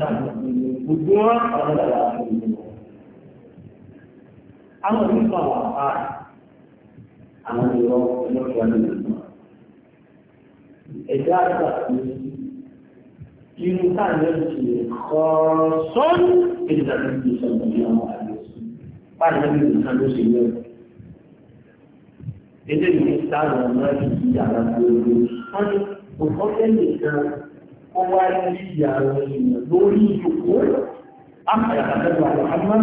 ń wọ́n àwọn onífà wà á àwọn ìrọ̀ ọlọ́pàá ní ìlú ẹ̀dá àgbà ní irú káàdì ẹ̀jẹ̀ kọ́ọ̀sọ́n ìdàgbà ní ìṣẹ̀lẹ̀ ní àwọn àgbẹ̀sọ pàdé ní ìlú kan ló ṣe yẹ Èdè ìwé sáàrùn ọmọ ìdí yàrá gbogbo. Wọ́n ní òfófẹ́ nìkan ó wá ní yàrá ìyàn lórí ìjòkó. Àpàyàkà lẹ́gbàá Muhammad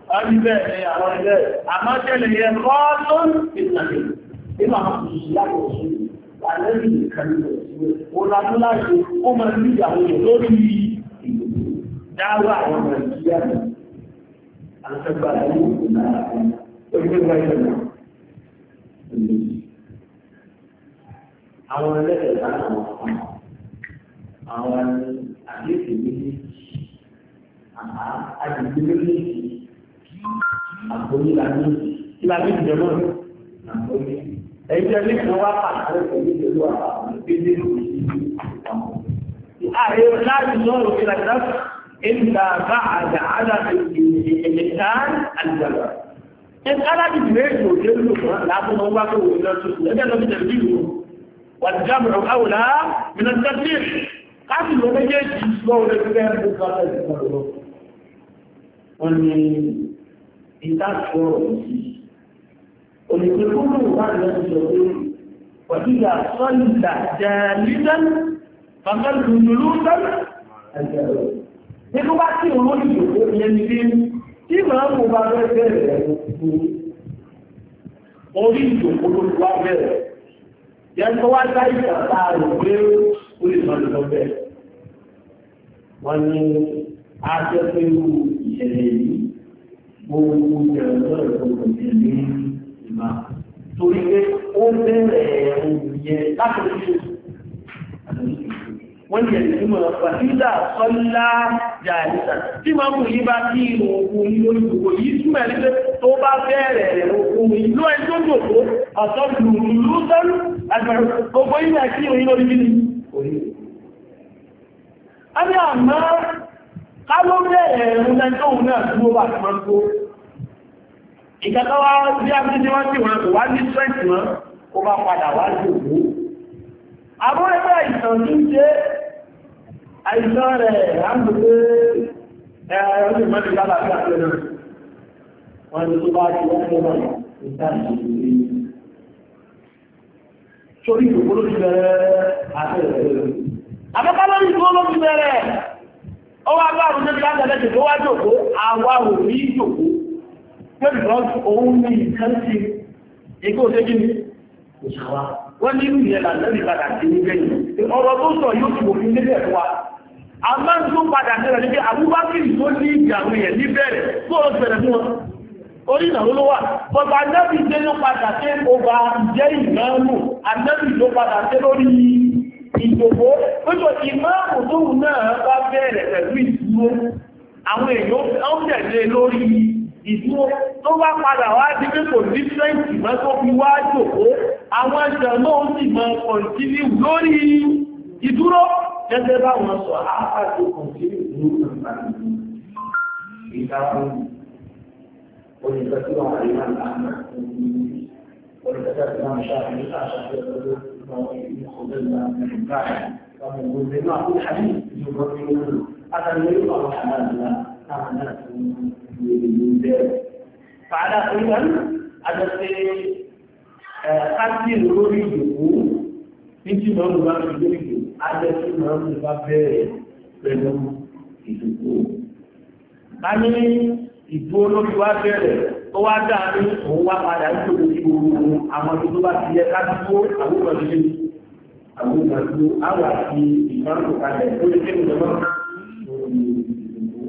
Àríbẹ̀ ni àwọn ilẹ̀. Àmọ́ tẹ́lẹ̀ yẹ kọ́ tó ń pèsàlè. Nínú àwọn òṣìṣẹ́ láti òṣìṣẹ́ àlẹ́rì ìkàlẹ̀ òlàdúláṣe ó máa ní ìyàwó lórí dáwà àwọn nàìjíríà àtẹ́gbàlá ní ìgbẹ̀gbẹ̀ ìlẹ̀ àwọn ẹlẹ́ẹ̀ẹ́ta àwọn àdéhùn méjì àgbègbè méjì àkóyí làní ìlànà ìjọba àkóyí ẹ̀yìn tẹ́lẹ̀ kan wá pàtàkì pẹ̀lú ìjọba àkóyí ààrẹ láti lọ́rọ̀ ìlànà ìlà bá àjà àjà ìlẹ̀kán àjàgbà ẹ̀ka láti bèèrè ìjọba òjò láti lọ wá kòwò lọ́tún ẹgbẹ́ lọ́bí tẹ̀lé ìlú wàjáàmù àwòlá mìíràn tẹ́lẹ̀ láti lọ méjèèjì lọ́wọ́ lẹ́gbẹ́ ìtàkùrọ̀ yìí. Òlùkọ́ kúrò wà lẹ́nu sọ pé wàdíyà sọ́lìdà jẹ́ lídán, bàbáàlù lùlùdán, àjẹ́rọ̀. Nígbà bá tí òun ní ìjòkó yẹn ní bí tí màá mú bá rẹ̀ bẹ̀rẹ̀ rẹ̀ orí ìjòkó ló wá bẹ̀rẹ̀. Yẹn tó wá dá ìjàmbá rẹ̀ pé ó lè máa lọ bẹ̀rẹ̀. Wọ́n ní ajẹ́ pé irú ìṣẹ̀lẹ̀ gbogbo ìjọba ìgbòho yẹn ní ìmá torí pé ó bẹ̀rẹ̀ ohun yẹn láti ṣe wọ́n yẹ̀ sí mọ̀ pàtílà sọ́lá jàìsà tí máa mú yí bá kí ohun lórí gbogbo yìí túnmẹ̀ ní pé tó bá bẹ̀rẹ̀ ohun ìlú ẹ̀ ká ló bẹ̀rẹ̀ ẹ̀rùn tẹ́jọ́hùn náà tí ó bá ti máa tó ìkẹ́kọ́wá bí abúlé wọ́n sì wọn kò wá ní strength mọ́ ó bá padà wá sí òkú abúrẹ́bẹ̀ àìsàn tó ṣe àìsàn rẹ̀ láńgbé ẹ̀rọ ní mọ́tò lábà sí àpẹ náà wọ́n ní tó bá ti wọ́n fún wọn níta ìṣèlú sórí ìdòkó ló ti bẹ̀rẹ̀ àtẹ̀rẹ̀ àbẹ́kálọ́rí tó ló ti bẹ̀rẹ̀ wá bá àrùn níbi láti ẹ̀lẹ́jẹ̀ tó wá jòkó àwa ò rí jòkó pẹ̀lú rọ́ọ̀tù òun ní nǹkan sí ikú òṣèjì ní òṣàwà wọ́n ní ìrìn ẹ̀là lẹ́rìn padà sí ní gbẹ̀yìn ọ̀rọ̀ tó sọ yóò ti wòfin níbẹ̀ fún wa a máa ń tún padà nílẹ̀ níbi àbúbákìrì tó ní ìjà àwọn èèyàn ní bẹ̀rẹ̀ tó o bẹ̀rẹ̀ fún wọn orí ìnáwó ló wà bọ̀bà nẹ́bì dé ló padà sí ọba ìjẹ́ ìnáwó ànẹ́bì ló padà sí lórí ìgbòho pẹ́jọ ìmáàmù tóhùn náà bá bẹ̀rẹ̀ pẹ̀lú ìdúró àwọn èèyàn ó tẹ̀lé lórí ìdúró tó bá padà wá sí pé kò ní sẹ́ǹtì mọ́ tó fi wá jòkó àwọn ẹ̀sẹ̀ náà ó sì mọ kọ̀ǹtínú lórí ìdúró gẹ́gẹ́ báwọn sọ àpàtó kọ̀ǹtínú lórí ìdúró ولكتاب الإمام الشافعي عشان آه، يقول خذلنا من بعد فمن بما هو حديث يبرر هذا لا يقال حمالنا حمالات فعلى أيضا أدرس قتل رؤيه títí máa ń bá fi léèkì ájẹ́sí máa ń bá bẹ́ẹ̀ pẹ̀lú ìdìbò. a ní ìbú olóbi wá bẹ̀rẹ̀ tó wá dáa ní òun wá padà nítorí tí gbogbo àwọn tó bá ti yẹ ká dúró àwọn ọ̀dọ́ àwọn ìgbàgbọ́ àwọn àti kalẹ̀ tó lè tẹ́lẹ̀ lọ́wọ́ lórí ìdìbò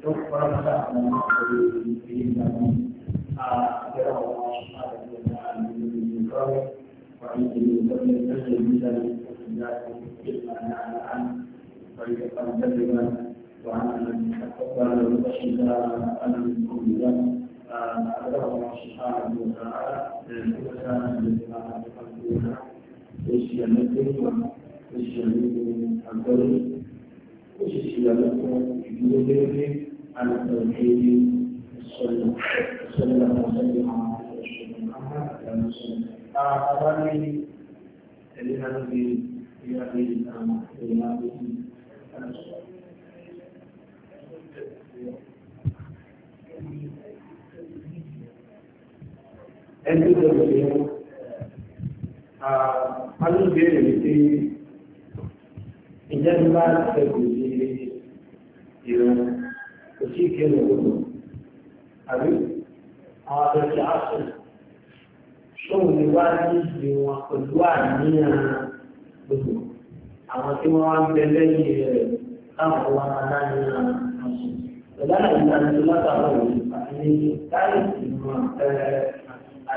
tó fara وعن أكبر الأشياء المؤمنة أدعو الله سبحانه وتعالى للحسنة التي لا تقدمها لصيانتكم لصيانتكم الكريم وصيانتكم بوجودكم على التوحيد السنة صلى الله وسلم على رسول محمد أعطاني لهذه هذه الأمة لهذه الأمة ẹni tó lè ṣe alóbèrè wípé ìjẹ́ni bá ṣẹ̀kù sí ìrìn kò sí ìkéde gbogbo àbí àwọn àtẹ̀sí àṣẹ ṣóun ni wá ní ìdí wọn pẹ̀lú àníyàn gbogbo àwọn tí wọ́n wá ń bẹ lẹ́yìn rẹ̀ láwọn wá máa dání àṣẹ. Ìdáná ìdánisí látàwọn òṣèlú àti ní káyọ̀tì náà thì này à cái là àníyàn tó ń ta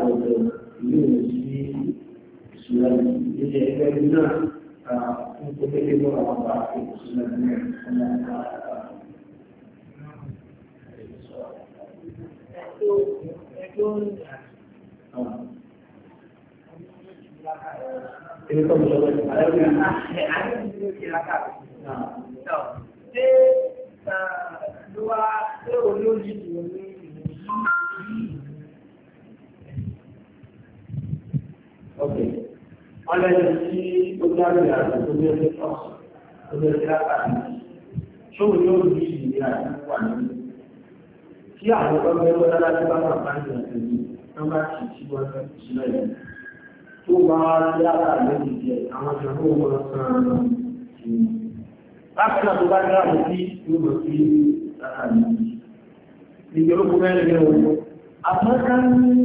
ọ̀dọ̀ yóò sí ìṣúná ilé ẹgbẹ́ náà à, ń kó kéde mọ́ àwọn bá ìṣúná náà ọmọ ọ̀gá. Ele está me chamando de maravilha. Ah, é, aí eu tirar a cabeça. Então, se, uh, do ar, eu olho de mim, ok wọ́n lẹ́yìn tí ó jáde àti tó jẹ́ sí ọ̀sán tó jẹ́ sí látàrí ṣóò yóò rí ìrìn àti wà ní kí àwọn ọmọ ẹgbẹ́ lára tí bá máa bá ní àti ní nọ́mbà tí tí wọ́n fẹ́ sí lẹ́yìn tó bá yára lẹ́yìn jẹ àwọn ìjọba owó lọ sàn án sí i tó bá yára lọ sí yóò sí látàrí ìjọba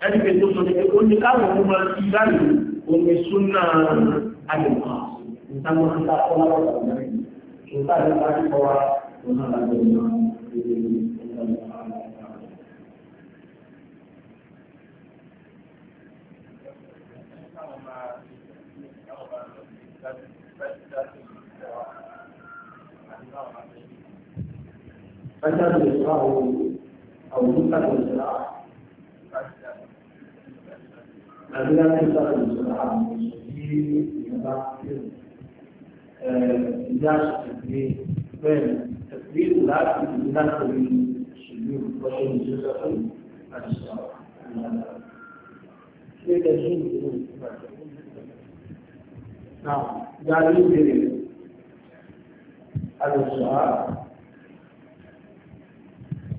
ẹnìkè tó sọ ní pé ó ní káwọn ọmọ máa ti báyìí omi súnà àyẹ̀wò ìtàwọn ìta ọlọ́wọ́ ọ̀gbẹ́rẹ́ ìta ìta ìkọwà ọ̀nà àgbẹ̀ náà فجر الإسراء أو نقطة الإسراء أبدا تسأل بسرعة إذا تكبير بين تكبير لا يناسب السجود وشن جزء الصلاة نعم يعني يجري هذا السؤال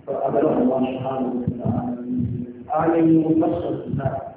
فأبلغ الله سبحانه وتعالى آل آية مفصل الناس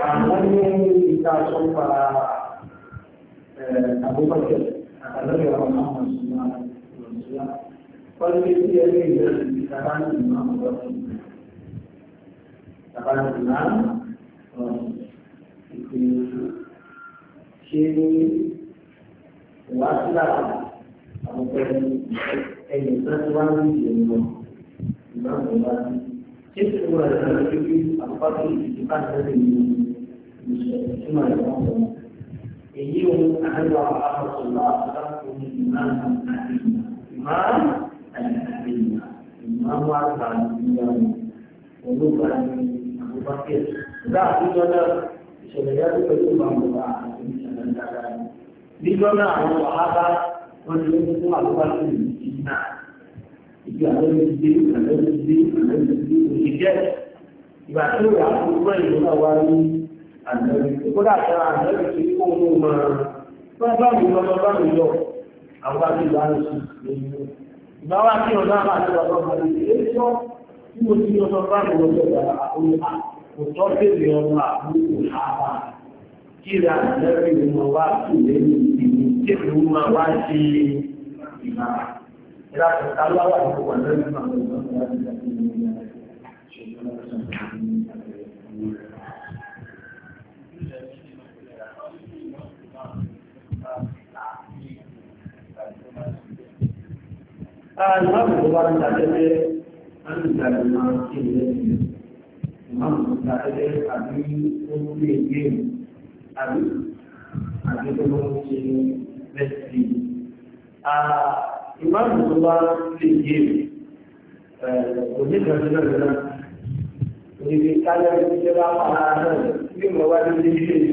Àwọn ní ìta sọ pa àbúkọ̀tẹ̀ àtàlọ́yọ̀ ọmọ náà ṣùgbọ́n ìrọ̀síwá. Wọ́n ní tí ẹni ìrẹsì ti sábà ní ìmọ̀ àwọn ọ̀sán. Sábà ní ìmọ̀ ọ̀sán. Ìpinnu ṣe ní ìwásílà àwọn ẹni ẹni tó ti wá ní ìdíyẹ lọ. Ìmọ̀ àwọn ọ̀sán. Ṣé ìṣòro ẹ̀rọ ìgbé àpapọ̀ ìdíjì ثم يقول èyí ò àjọ àkọsọ̀lá àkọsọ̀lá ìmáàmù àdìyà ìmáàmù àdìyà ìmáàmù àgbà àdìyà olùkọ́ àti àbúbákẹ́. Ìgbà àtijọ́ náà ìṣẹ̀lẹ̀ yá ló pẹ̀lú bàbá àti ìṣẹ̀lẹ̀ dáadáa. Níjọ́ náà àwọn ọ̀hábá wọn ti lóyún fún àbúbákẹ́ ìdí náà. Ìgbà àlọ́lẹ̀ ti dé, àlọ́lẹ̀ ti dé, àlọ́lẹ̀ ti dé, òṣìṣẹ́. Ìgbà tó yà á fún kódà kan àjẹ́bí ti kó ní ọmọ rẹ̀ bá mi lọ lọ bá mi lọ àwọn àti ìgbà ń sùn lórí rẹ̀. ìgbà wa kí ọ̀nà àbá àti bàbá ọmọ rẹ̀ ṣe é sọ tí mo ti lọ bá mi lọ bẹ̀rẹ̀ àwọn kò tọ́ bèbè ọmọ àbúrò àbá kí rẹ̀ àjẹ́bí ni mo wá قال ما هو أن تعتبر أن تعتبر Imam Sa'adé àbí orí èdè àbí àbí tó ló ń ṣe mẹ́sì. Imam tó bá lè yé onígbàdúrà níbi káyọ̀ ìṣẹ́ bá pàrọ̀ náà bí mo wá ní ilé ìṣẹ́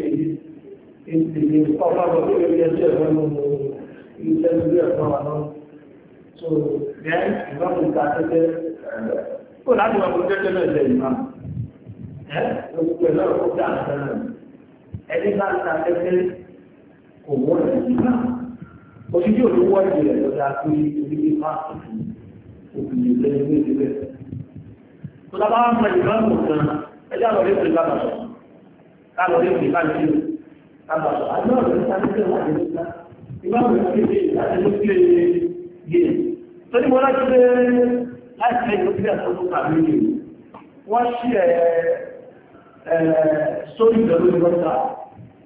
ìṣẹ́ ìṣẹ́ ọ̀pá ọ̀pá tó lè yẹ sí ẹ̀fọ́ nínú iṣẹ́ ìṣẹ́ ẹ̀fọ́ wa náà so then ìgbọ́n ìta tẹ́tẹ́ kó láti wọ́n kó tẹ́tẹ́ náà jẹ ìmọ̀ ẹ́ gbogbo ẹ̀ lọ́rọ̀ kó dá àṣẹ náà ẹni bá ń ta tẹ́tẹ́ kò wọ́n ẹ̀ nígbà oṣù tí òní wọ́n ìjìnlẹ̀ lọ́dà pé orí bí máàkì òbí lè lé ní ìdílé tó lábá wọn mọ ìgbọ́n kò tán ẹjọ́ àlọ́ lè fi bàbà sọ kálọ̀ lè fi bàbà sọ bàbà torí mo rájú pé láti ṣe ìlú sílẹ̀ tó kà mí wọ́n ṣí ẹ̀ sórí ìjọba ní lọ́ta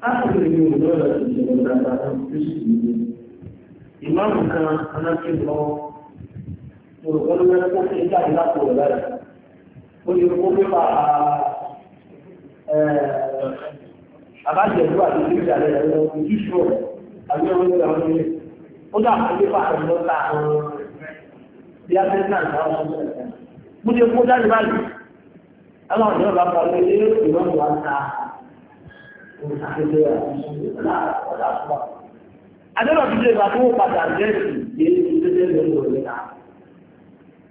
láti ní òun lọ́dọ̀ tó ṣe lọ́dọ̀ dáadáa tó ìmáàmù kan anáṣẹ́ lọ mo rò wọ́n lọ́wọ́ kó fi jáde rẹ̀ láì ó lè kó pépà àbájẹ̀dú àti ìgbésẹ̀ àlẹ́ ẹ̀rọ àbí ọmọ ìgbà wọn ó dà kó pépà àti lọ́ta àwọn bí amẹ́ríkà ń sáwọn ọmọ ẹ̀ka mo lè kó dání báyìí àwọn ọ̀dọ́ bá kọ́ lé lé ìwọ́n wa ta òṣàkéde ọ̀dà fún wa. adéwà ti dé ìgbà tó padà gẹ̀ẹ́sì dé ìdílé lẹ́nu ọ̀rẹ́ ta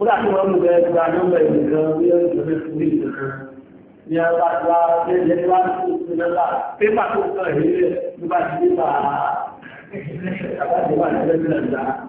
ó dà tó wọn mú bẹ́ẹ̀ gba nọ́mbà ìgbìkan bí ó ń gbé fún mi ìgbìkan ní ọba tó wá lé lé wá sí ìgbìkan pépà tó kàn yìí lé nígbà tí pépà àbájáde wà ní ẹgbẹ́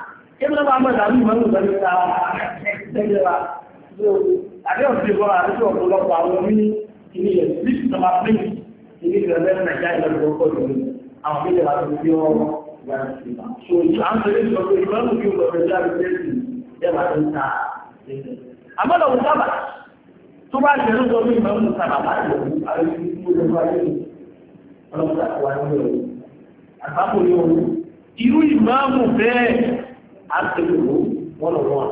Ibi lọ́pàá mọ̀ ìdàrí ìmọ̀lú ìdàrí ìta ẹgbẹ̀rẹ̀ àbẹ́ òṣèlú bọ́ra àti ọ̀pọ̀lọpọ̀ àwọn orí ilé ẹ̀ sí ìjọba pé ilé ìrẹ̀lẹ́ Nàìjíríà ìlọ́pọ̀ ọkọ̀ ìlú àwọn méjì láti fi ọrọ̀ ìgbà ìgbà. So ìgbà ń tẹ̀lé ìjọba ìmọ̀lú kí ọ̀pọ̀ ìjọba ìjọba ìjọba ìta ẹgbẹ̀rẹ̀. Àmọ́ lọ́wọ́ sábà tó bá jẹ́rú sọ pé ìmọ̀lú àtẹ̀wò wọn lọ wọn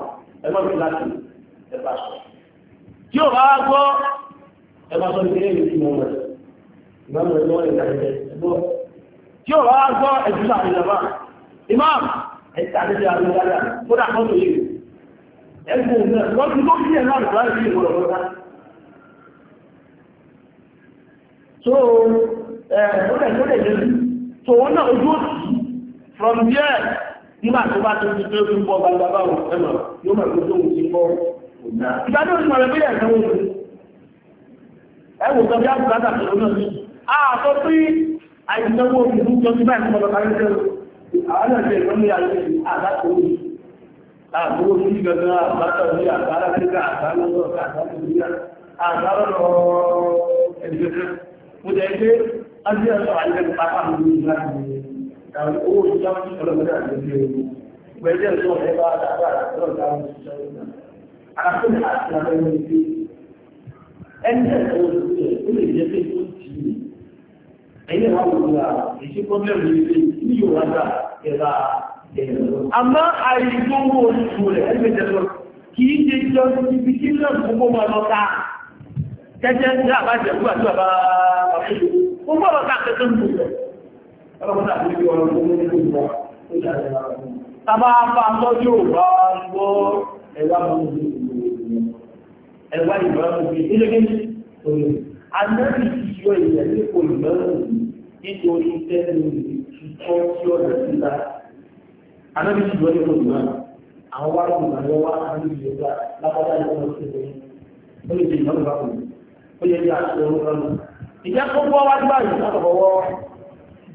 ẹ má fi láti ẹ bá sọ. tí ò bá wá gbọ́ ẹ bá sọ ìdílé mi sí wọn lọ ìmọ̀ mi lọ́wọ́ ìgbà yẹn lọ. tí ò bá wá gbọ́ ẹ̀jú náà ní ìjọba ìmọ̀ ẹ̀ta ní ìjọba ní ìjọba kódà kan tó yẹ ẹ̀gbọ́n náà wọ́n ti tó kí ẹ̀ náà lọ́wọ́ ìgbà yẹn so ẹ̀ ó lẹ̀ tó lẹ̀ lẹ́nu so wọn náà ojú òtí from there nígbà tó bá tó ti tó ń bọ́ gbangba báwo ẹ̀mọ̀ yóò máa tó tóun ti bọ́ òun náà. ìgbà tó ń sọ̀rọ̀ bí ẹ̀sán wọn ẹ wò sọ bí a bùkátà tó lọ́nà ní. a sọ pé àìsànwó ìlú jọ sí báyìí kọ́lọ́ kárí jẹ́ àwọn náà ṣe ìrọ́mí àlejò àdáko ní. àbúrò ní gbẹ̀gbẹ̀ àbátọ̀ ní àbára nígbà àbára lọ́wọ́ tàbí owó ìjáwọ́ ní ọlọ́gbọ́dá àti ẹgbẹ́ gbẹ̀rẹ̀ lọ ẹgbà àdára lọ́dá òṣìṣẹ́ ìgbà. Àkókò àti àwọn ẹgbẹ́ ìgbé. Ẹni ẹ̀sọ́ olùsẹ̀ ó lè jẹ́ pé ó ti ní. Ẹ̀yẹ́ wà wò wá, èsì pọ́blẹ́mù ní ilé ní yóò wá gbà ẹ̀rà ẹ̀rọ. Àmọ́ àìsí owó oṣù rẹ̀ ẹgbẹ́ jẹ́ lọ. Kì í ṣe jọ ibi tí náà gbogbo máa lọ ká. Jẹ́jẹ́ ní àbájẹ̀ fún àti bàbá àfihàn. Gbogbo ọ̀rọ̀ ká kẹ́kẹ́ ń bò Tàbá bá tọ́jú bá gbọ́ ẹ̀wà mọ́sí ẹ̀wà ìbára mọ́sí ilé gẹ́gẹ́ òní. Àmẹ́rì ti yọ ìyẹ̀ nípo ìmẹ́rùn nítorí tẹ́lú ìtọ́ tí ó rẹ̀ síta. Àmẹ́rì ti yọ nípo ìmẹ́rùn. Àwọn wá lọ́wọ́ ìgbàlọ́ wá àmì ìyẹ̀dá lápájá ìgbàlọ́ sí ẹ̀yìn. Ó lè di ìmọ̀lùbákùn. Ó yẹ kí a sọ orúkọ lọ. Ìjẹ́ kó gbọ́ wá gbà yìí látọ̀bọ̀wọ́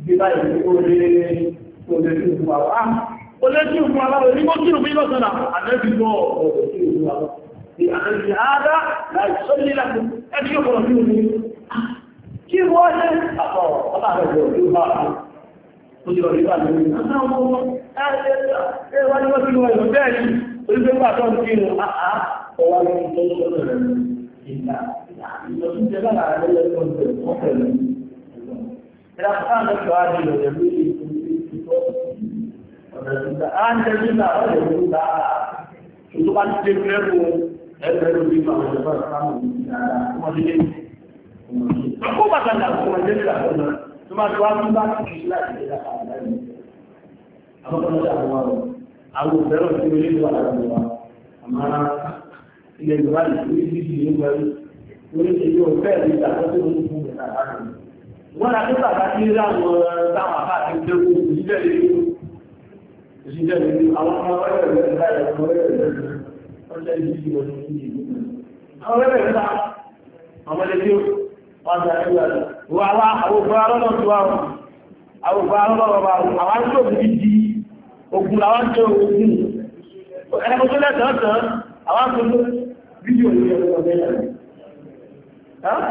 bí báyìí ó lé ó lé sí ìfún àwọn àmì ah, ó lé sí ìfún àwọn onímọ̀ kí òfin lọ́sọ̀nà àlẹ́bí mọ́ ọ̀rọ̀ sí ìfún àwọn ní àlẹ́bí àádá láì sọ́lé láti ẹbí ó kọ̀rọ̀ sí òfin ah, kí wọ́n lé àpọ̀ ọ̀pá àrẹ̀bẹ̀ òfin bá àwọn ó ti lọ́rí bá lórí àwọn ọmọ ẹgbẹ́ wájú wọ́n ti lọ ìlú bẹ́ẹ̀ ni orílẹ̀-èdè àtọ́jú kí ni àá ọwá lórí tó ń sọ́nà rẹ̀ ìgbà ìlọ́sùn jẹ́ lára rẹ̀ lẹ́yìn ọ̀sẹ̀ ọ̀sẹ̀ lẹ́yìn da tsari da dalili sun yi fito da an da zina ba da yi da su zuwa cikin rero da ya zai rubi ba da ba samun kuma da yi ko ba kan da kuma da da kuma kuma da wani ba su shi la da da amma kuma da amma abu da ran su ne da ba amma ilẹ̀ ìwádìí orí ṣíṣe ìwádìí orí ṣe yóò fẹ́ẹ̀ ní ìdàgbàsókè fún ìdàgbàsókè wọ́n na tó bàbá tí láwọn táwọn àbá àti ìdẹ́kù ìṣíjẹ́ lè rí ìṣíjẹ́ lè rí àwọn ọmọ ọ̀rẹ́ rẹ̀ ń láyé ọmọ ọ̀rẹ́ rẹ̀ ọ̀rẹ́ rẹ̀ ìṣíjẹ́ lè rí àwọn ọ̀rẹ́ rẹ̀ ńlá ọmọ lẹ́bí wọ́n ti àti ìwà wà wá àwògbà ọlọ́nà tó wà wọn àwògbà ọlọ́nà bàbá wọn àwọn tó fi di ogun làwọn tó ogun ẹnìkan tó lẹ́tọ̀ọ́tọ̀ àwọn tó fídíò ní ọ̀rẹ́ rẹ̀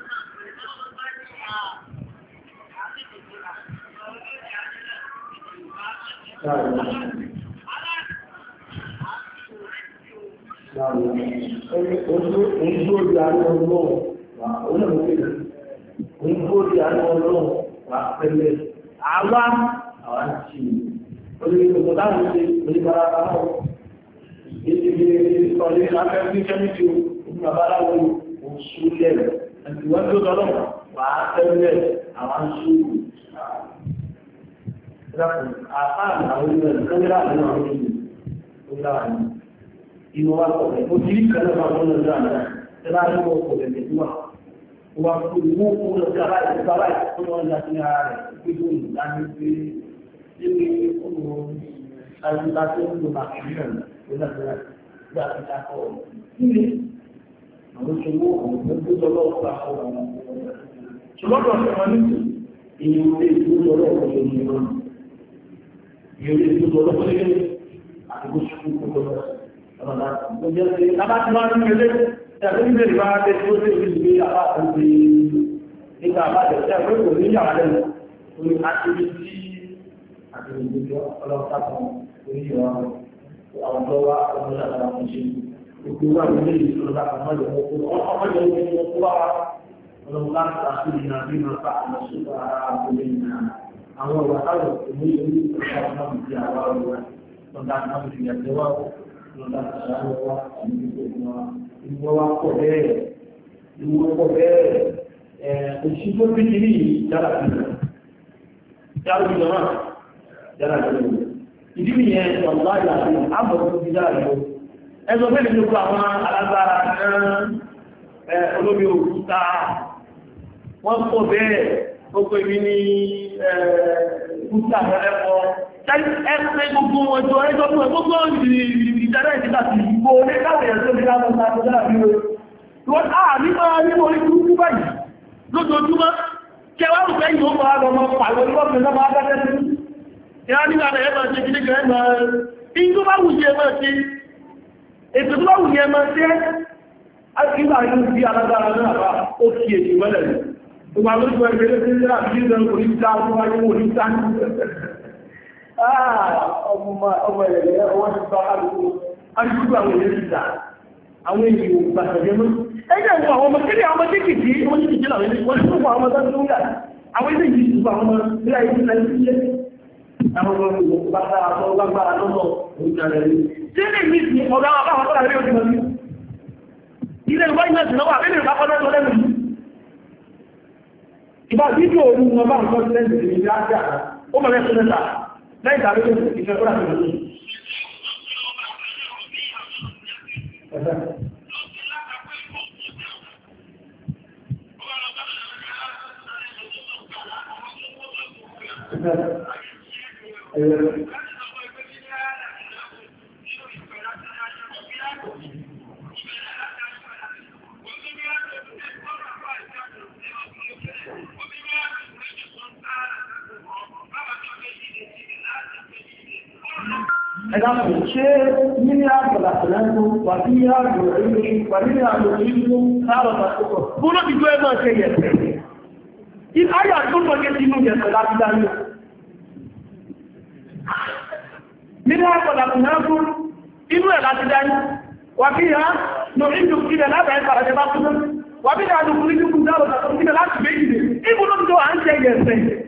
Ojú orí àánú ọlọ́run wà olóògbé ojú orí àánú ọlọ́run wà pẹ̀lẹ́. Àwa àwa ti olùdókòwò láwọn ṣe oníbàárà báwọn. Èdè ìkọ̀lé lábẹ́ ní kẹ́míkì ojú babaláwo oṣù lẹ́rẹ̀. Àti wọ́n tó lọ́rọ̀ wà pẹ̀lẹ́ àwọn ṣe dákun àpáàlà àwọn ènìyàn kẹ́lẹ́rà nínú àwọn ènìyàn tó dára ní inú wa kọ̀ rẹ̀ ojú rí kẹ́lẹ́ máa tó lọ́dọ̀ àná tẹ́lá ní wọ́n kọ̀ rẹ̀ wà wà kó wó kó lọ sí ara rẹ̀ sára rẹ̀ tó lọ́wọ́ ní àti ara rẹ̀ pé yóò ní láti pé ilé ọmọ ayélujára tó ń lo màkìrìnà tó lọ́dọ̀ gbà ti dákọ̀ ilé àwọn tó wó àwọn tó ìrírí tó lọ́dọ̀ fún ilé àti bó ṣe kú kó lọ́dọ̀ ọ̀nà láti. Lábá ti máa ń gbélé, ẹ̀fẹ́ nílé ìbá bẹ tí ó lè rí ìgbé àbá tó ti nígbà àbá jẹ tí ẹ̀fẹ́ kò ní yàrá lẹ́nu. Orí àtìrí sí àtìrí ìgbé ọlọ́pàá kan orí ìwà àwọn tó wá ọmọ ìlànà àwọn ṣe. Òkú wà ní ilé ìṣòro àwọn ọ̀wà táwọn òní orí ìṣẹ́ àwọn ti àwa ọ̀rọ̀ lọ́dà àwọn ìyàtọ̀ wa lọ́dà àwọn wa àti ìgbòho wa ìwọ wa pọ̀ bẹ́ẹ̀ ìwọ pọ̀ bẹ́ẹ̀ ẹ̀ òṣì tó bí kiri yìí dára sí i dára sí i náà dára sí i ìdí nìyẹn ọ̀gá ìyá sí i àbọ̀ tó fi dára sí i ẹ sọ fẹ́ẹ̀ nínú àwọn alágbára náà olómi òkúta wọ́n pọ̀ bẹ́ẹ̀. Eh, gbogbo èmi ni ẹ̀ẹ́dúgbà ẹ̀kọ́ ẹgbẹ́ gbogbo ọjọ́ ẹjọ́ fún ẹgbogbo ìjẹ́rẹ́ ìjẹ́ta ti gbogbo ní káwẹ̀ ẹ̀sọ́ ní láwọn ọmọdé láàrin rẹ̀ ààrí máa rí orí kúrúkú báyìí lójoojúmọ́ kẹwàá rùpẹ́ yìí ó máa lọ mọ́ pàlọ́ ìwọ́pẹ̀ lọ́mọ́ agbẹ́gbẹ́ sí ìyá nígbà rẹ̀ ẹ̀mọ̀ ṣe kìí kẹ́ ẹ̀mọ̀ ìyí tó bá wù yẹ mọ́ sí ètò tó bá wù yẹ Ìgbà ló gbọ́ ẹgbẹ̀rẹ́ tí ó rí ìdán oríta tó wáyé oríta ní ah, ọmọ ẹ̀rẹ̀ ọwọ́ ti bá àrùkú. Àrùkú àwọn èèyàn ti dà, àwọn èèyàn ògbà tẹ̀lé mú. Ẹgbẹ́ ìwọ̀n àwọn ọmọ kéde àwọn kéèkèé, wọ́n ti jẹ́ àwọn ènìyàn, wọ́n ti fún àwọn ọmọ tó ń gà. Àwọn ilé yìí ti fún àwọn ọmọ Àwọn ọmọ ìwọ̀n ìbá fídíò orí wọn bá nǹkan sílẹ̀ ní ìlú àjà ó mọ̀ mẹ́sàn mẹ́ta láì tàbí lè ìfẹ́ kọ́lá sí lọ́dún Thank you. ẹ̀dàkùn ṣe mílíàdù làtìlẹ́gbù pàdíyàdù ìlú pàdíyàdù ìlú sáàrọ̀ta púpọ̀. bọ́nà ti gbé ẹgbẹ́ ṣe yẹ̀tẹ̀ ìkáyà tó pọ̀jẹ́ sínú yẹ̀tẹ̀ láti dáyé mílíàdù làtìlẹ́gbù inú ẹ̀ láti dáyé wà bí i ha nù ìlú kílẹ̀ lábẹ̀ẹ́ pàdé bá kúrò wà bí i ha nù ìlú kílẹ̀ láti gbé ìdè ìbúlọ́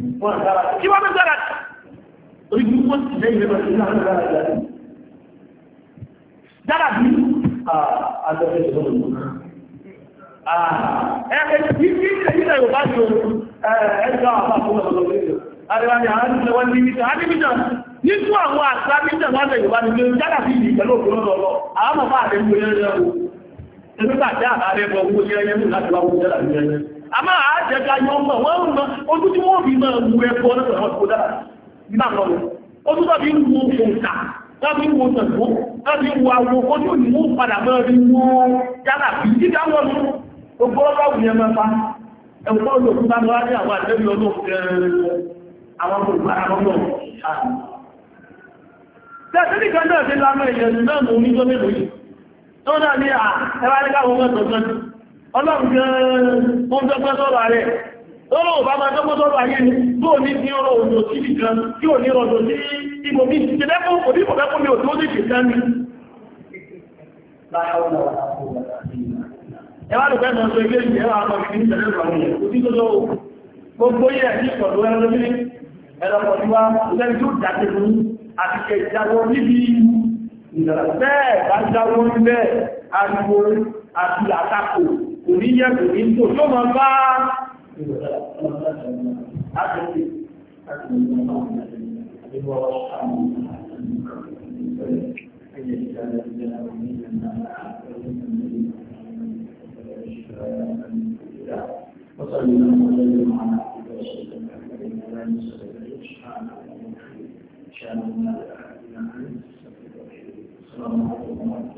kí wọ́n mẹ́ta rà orí wọ́n ti lẹ́yìn lọ́wọ́ sí náà dára dára dára bí àjọṣe ìṣòro ẹ̀ẹ́dẹ̀ nínú àwọn àṣà méjì àwọn àṣà Yorùbá nìgbè jára sí ìdí pẹ̀lú òkú lọ́dọ̀ lọ. Àwọn ọmọ bá àdébìjà yẹn rẹ̀ wò. Ẹgbẹ́ owó yẹn yẹn láti wá owó a máa àjẹjà yọ ọmọ wọ́n ń mọ ojú tí wọ́n fi máa wu ẹ̀kọ́ ọlọ́pàá wọn kó dára nígbà lọ ojú tó fi ń wo òǹkà láti wo tẹ̀gbó láti wo àwọn ojú ni wọ́n padà máa rí wo yálà bí dídá wọn mú gbogbo ọlọ́pàá wù yẹn máa fa ẹ̀kọ́ olóògùn bá wá ní àwọn àjẹ́bí ọlọ́pàá àwọn olùgbàrà lọ́pàá Tẹ́sílì kan náà ti lámọ̀ ìyẹ̀sùn náà mú ní gómìnà yìí. Tó náà ní à ẹwà ní káwọn ọmọ ìtọ̀gbọ́n ọlọ́run gan-an ó ń dọ́gbọ́n sọ́rọ̀ rẹ̀ lọ́rọ̀ ò bá máa dọ́gbọ́n sọ́rọ̀ ayé ni tó ní ní ọrọ̀ òjò sí nìkan tí ò ní rọ̀jò sí ibò mi ti lẹ́kọ̀ọ́ kò ní kọ̀kẹ́ fún mi ò tó ní kìkan ni. ẹ wá lùpẹ́ mọ̀ sọ ilé ìgbé ẹwà àmọ́ ìpínlẹ̀ tẹ̀lé ìrọ̀rùn yẹn kò sí tó lọ́wọ́ gbogbo yẹ ní ìkọ̀dọ̀ ẹ̀rọ ní ẹ̀rọ pọ̀jù wa lẹ́yìn tó dàtẹ̀ fún àti kẹ̀ ìjáwọ́ níbi ìdàrà bẹ́ẹ̀ bá jáwọ́ níbẹ̀ ariwo àti àtakò kò ní yẹ kò ní tó yóò máa bá وصلى الله وسلم على عبد رسول الله وعلى اله وصحبه سبحانه وتعالى ان شاء الله السلام عليكم ورحمه الله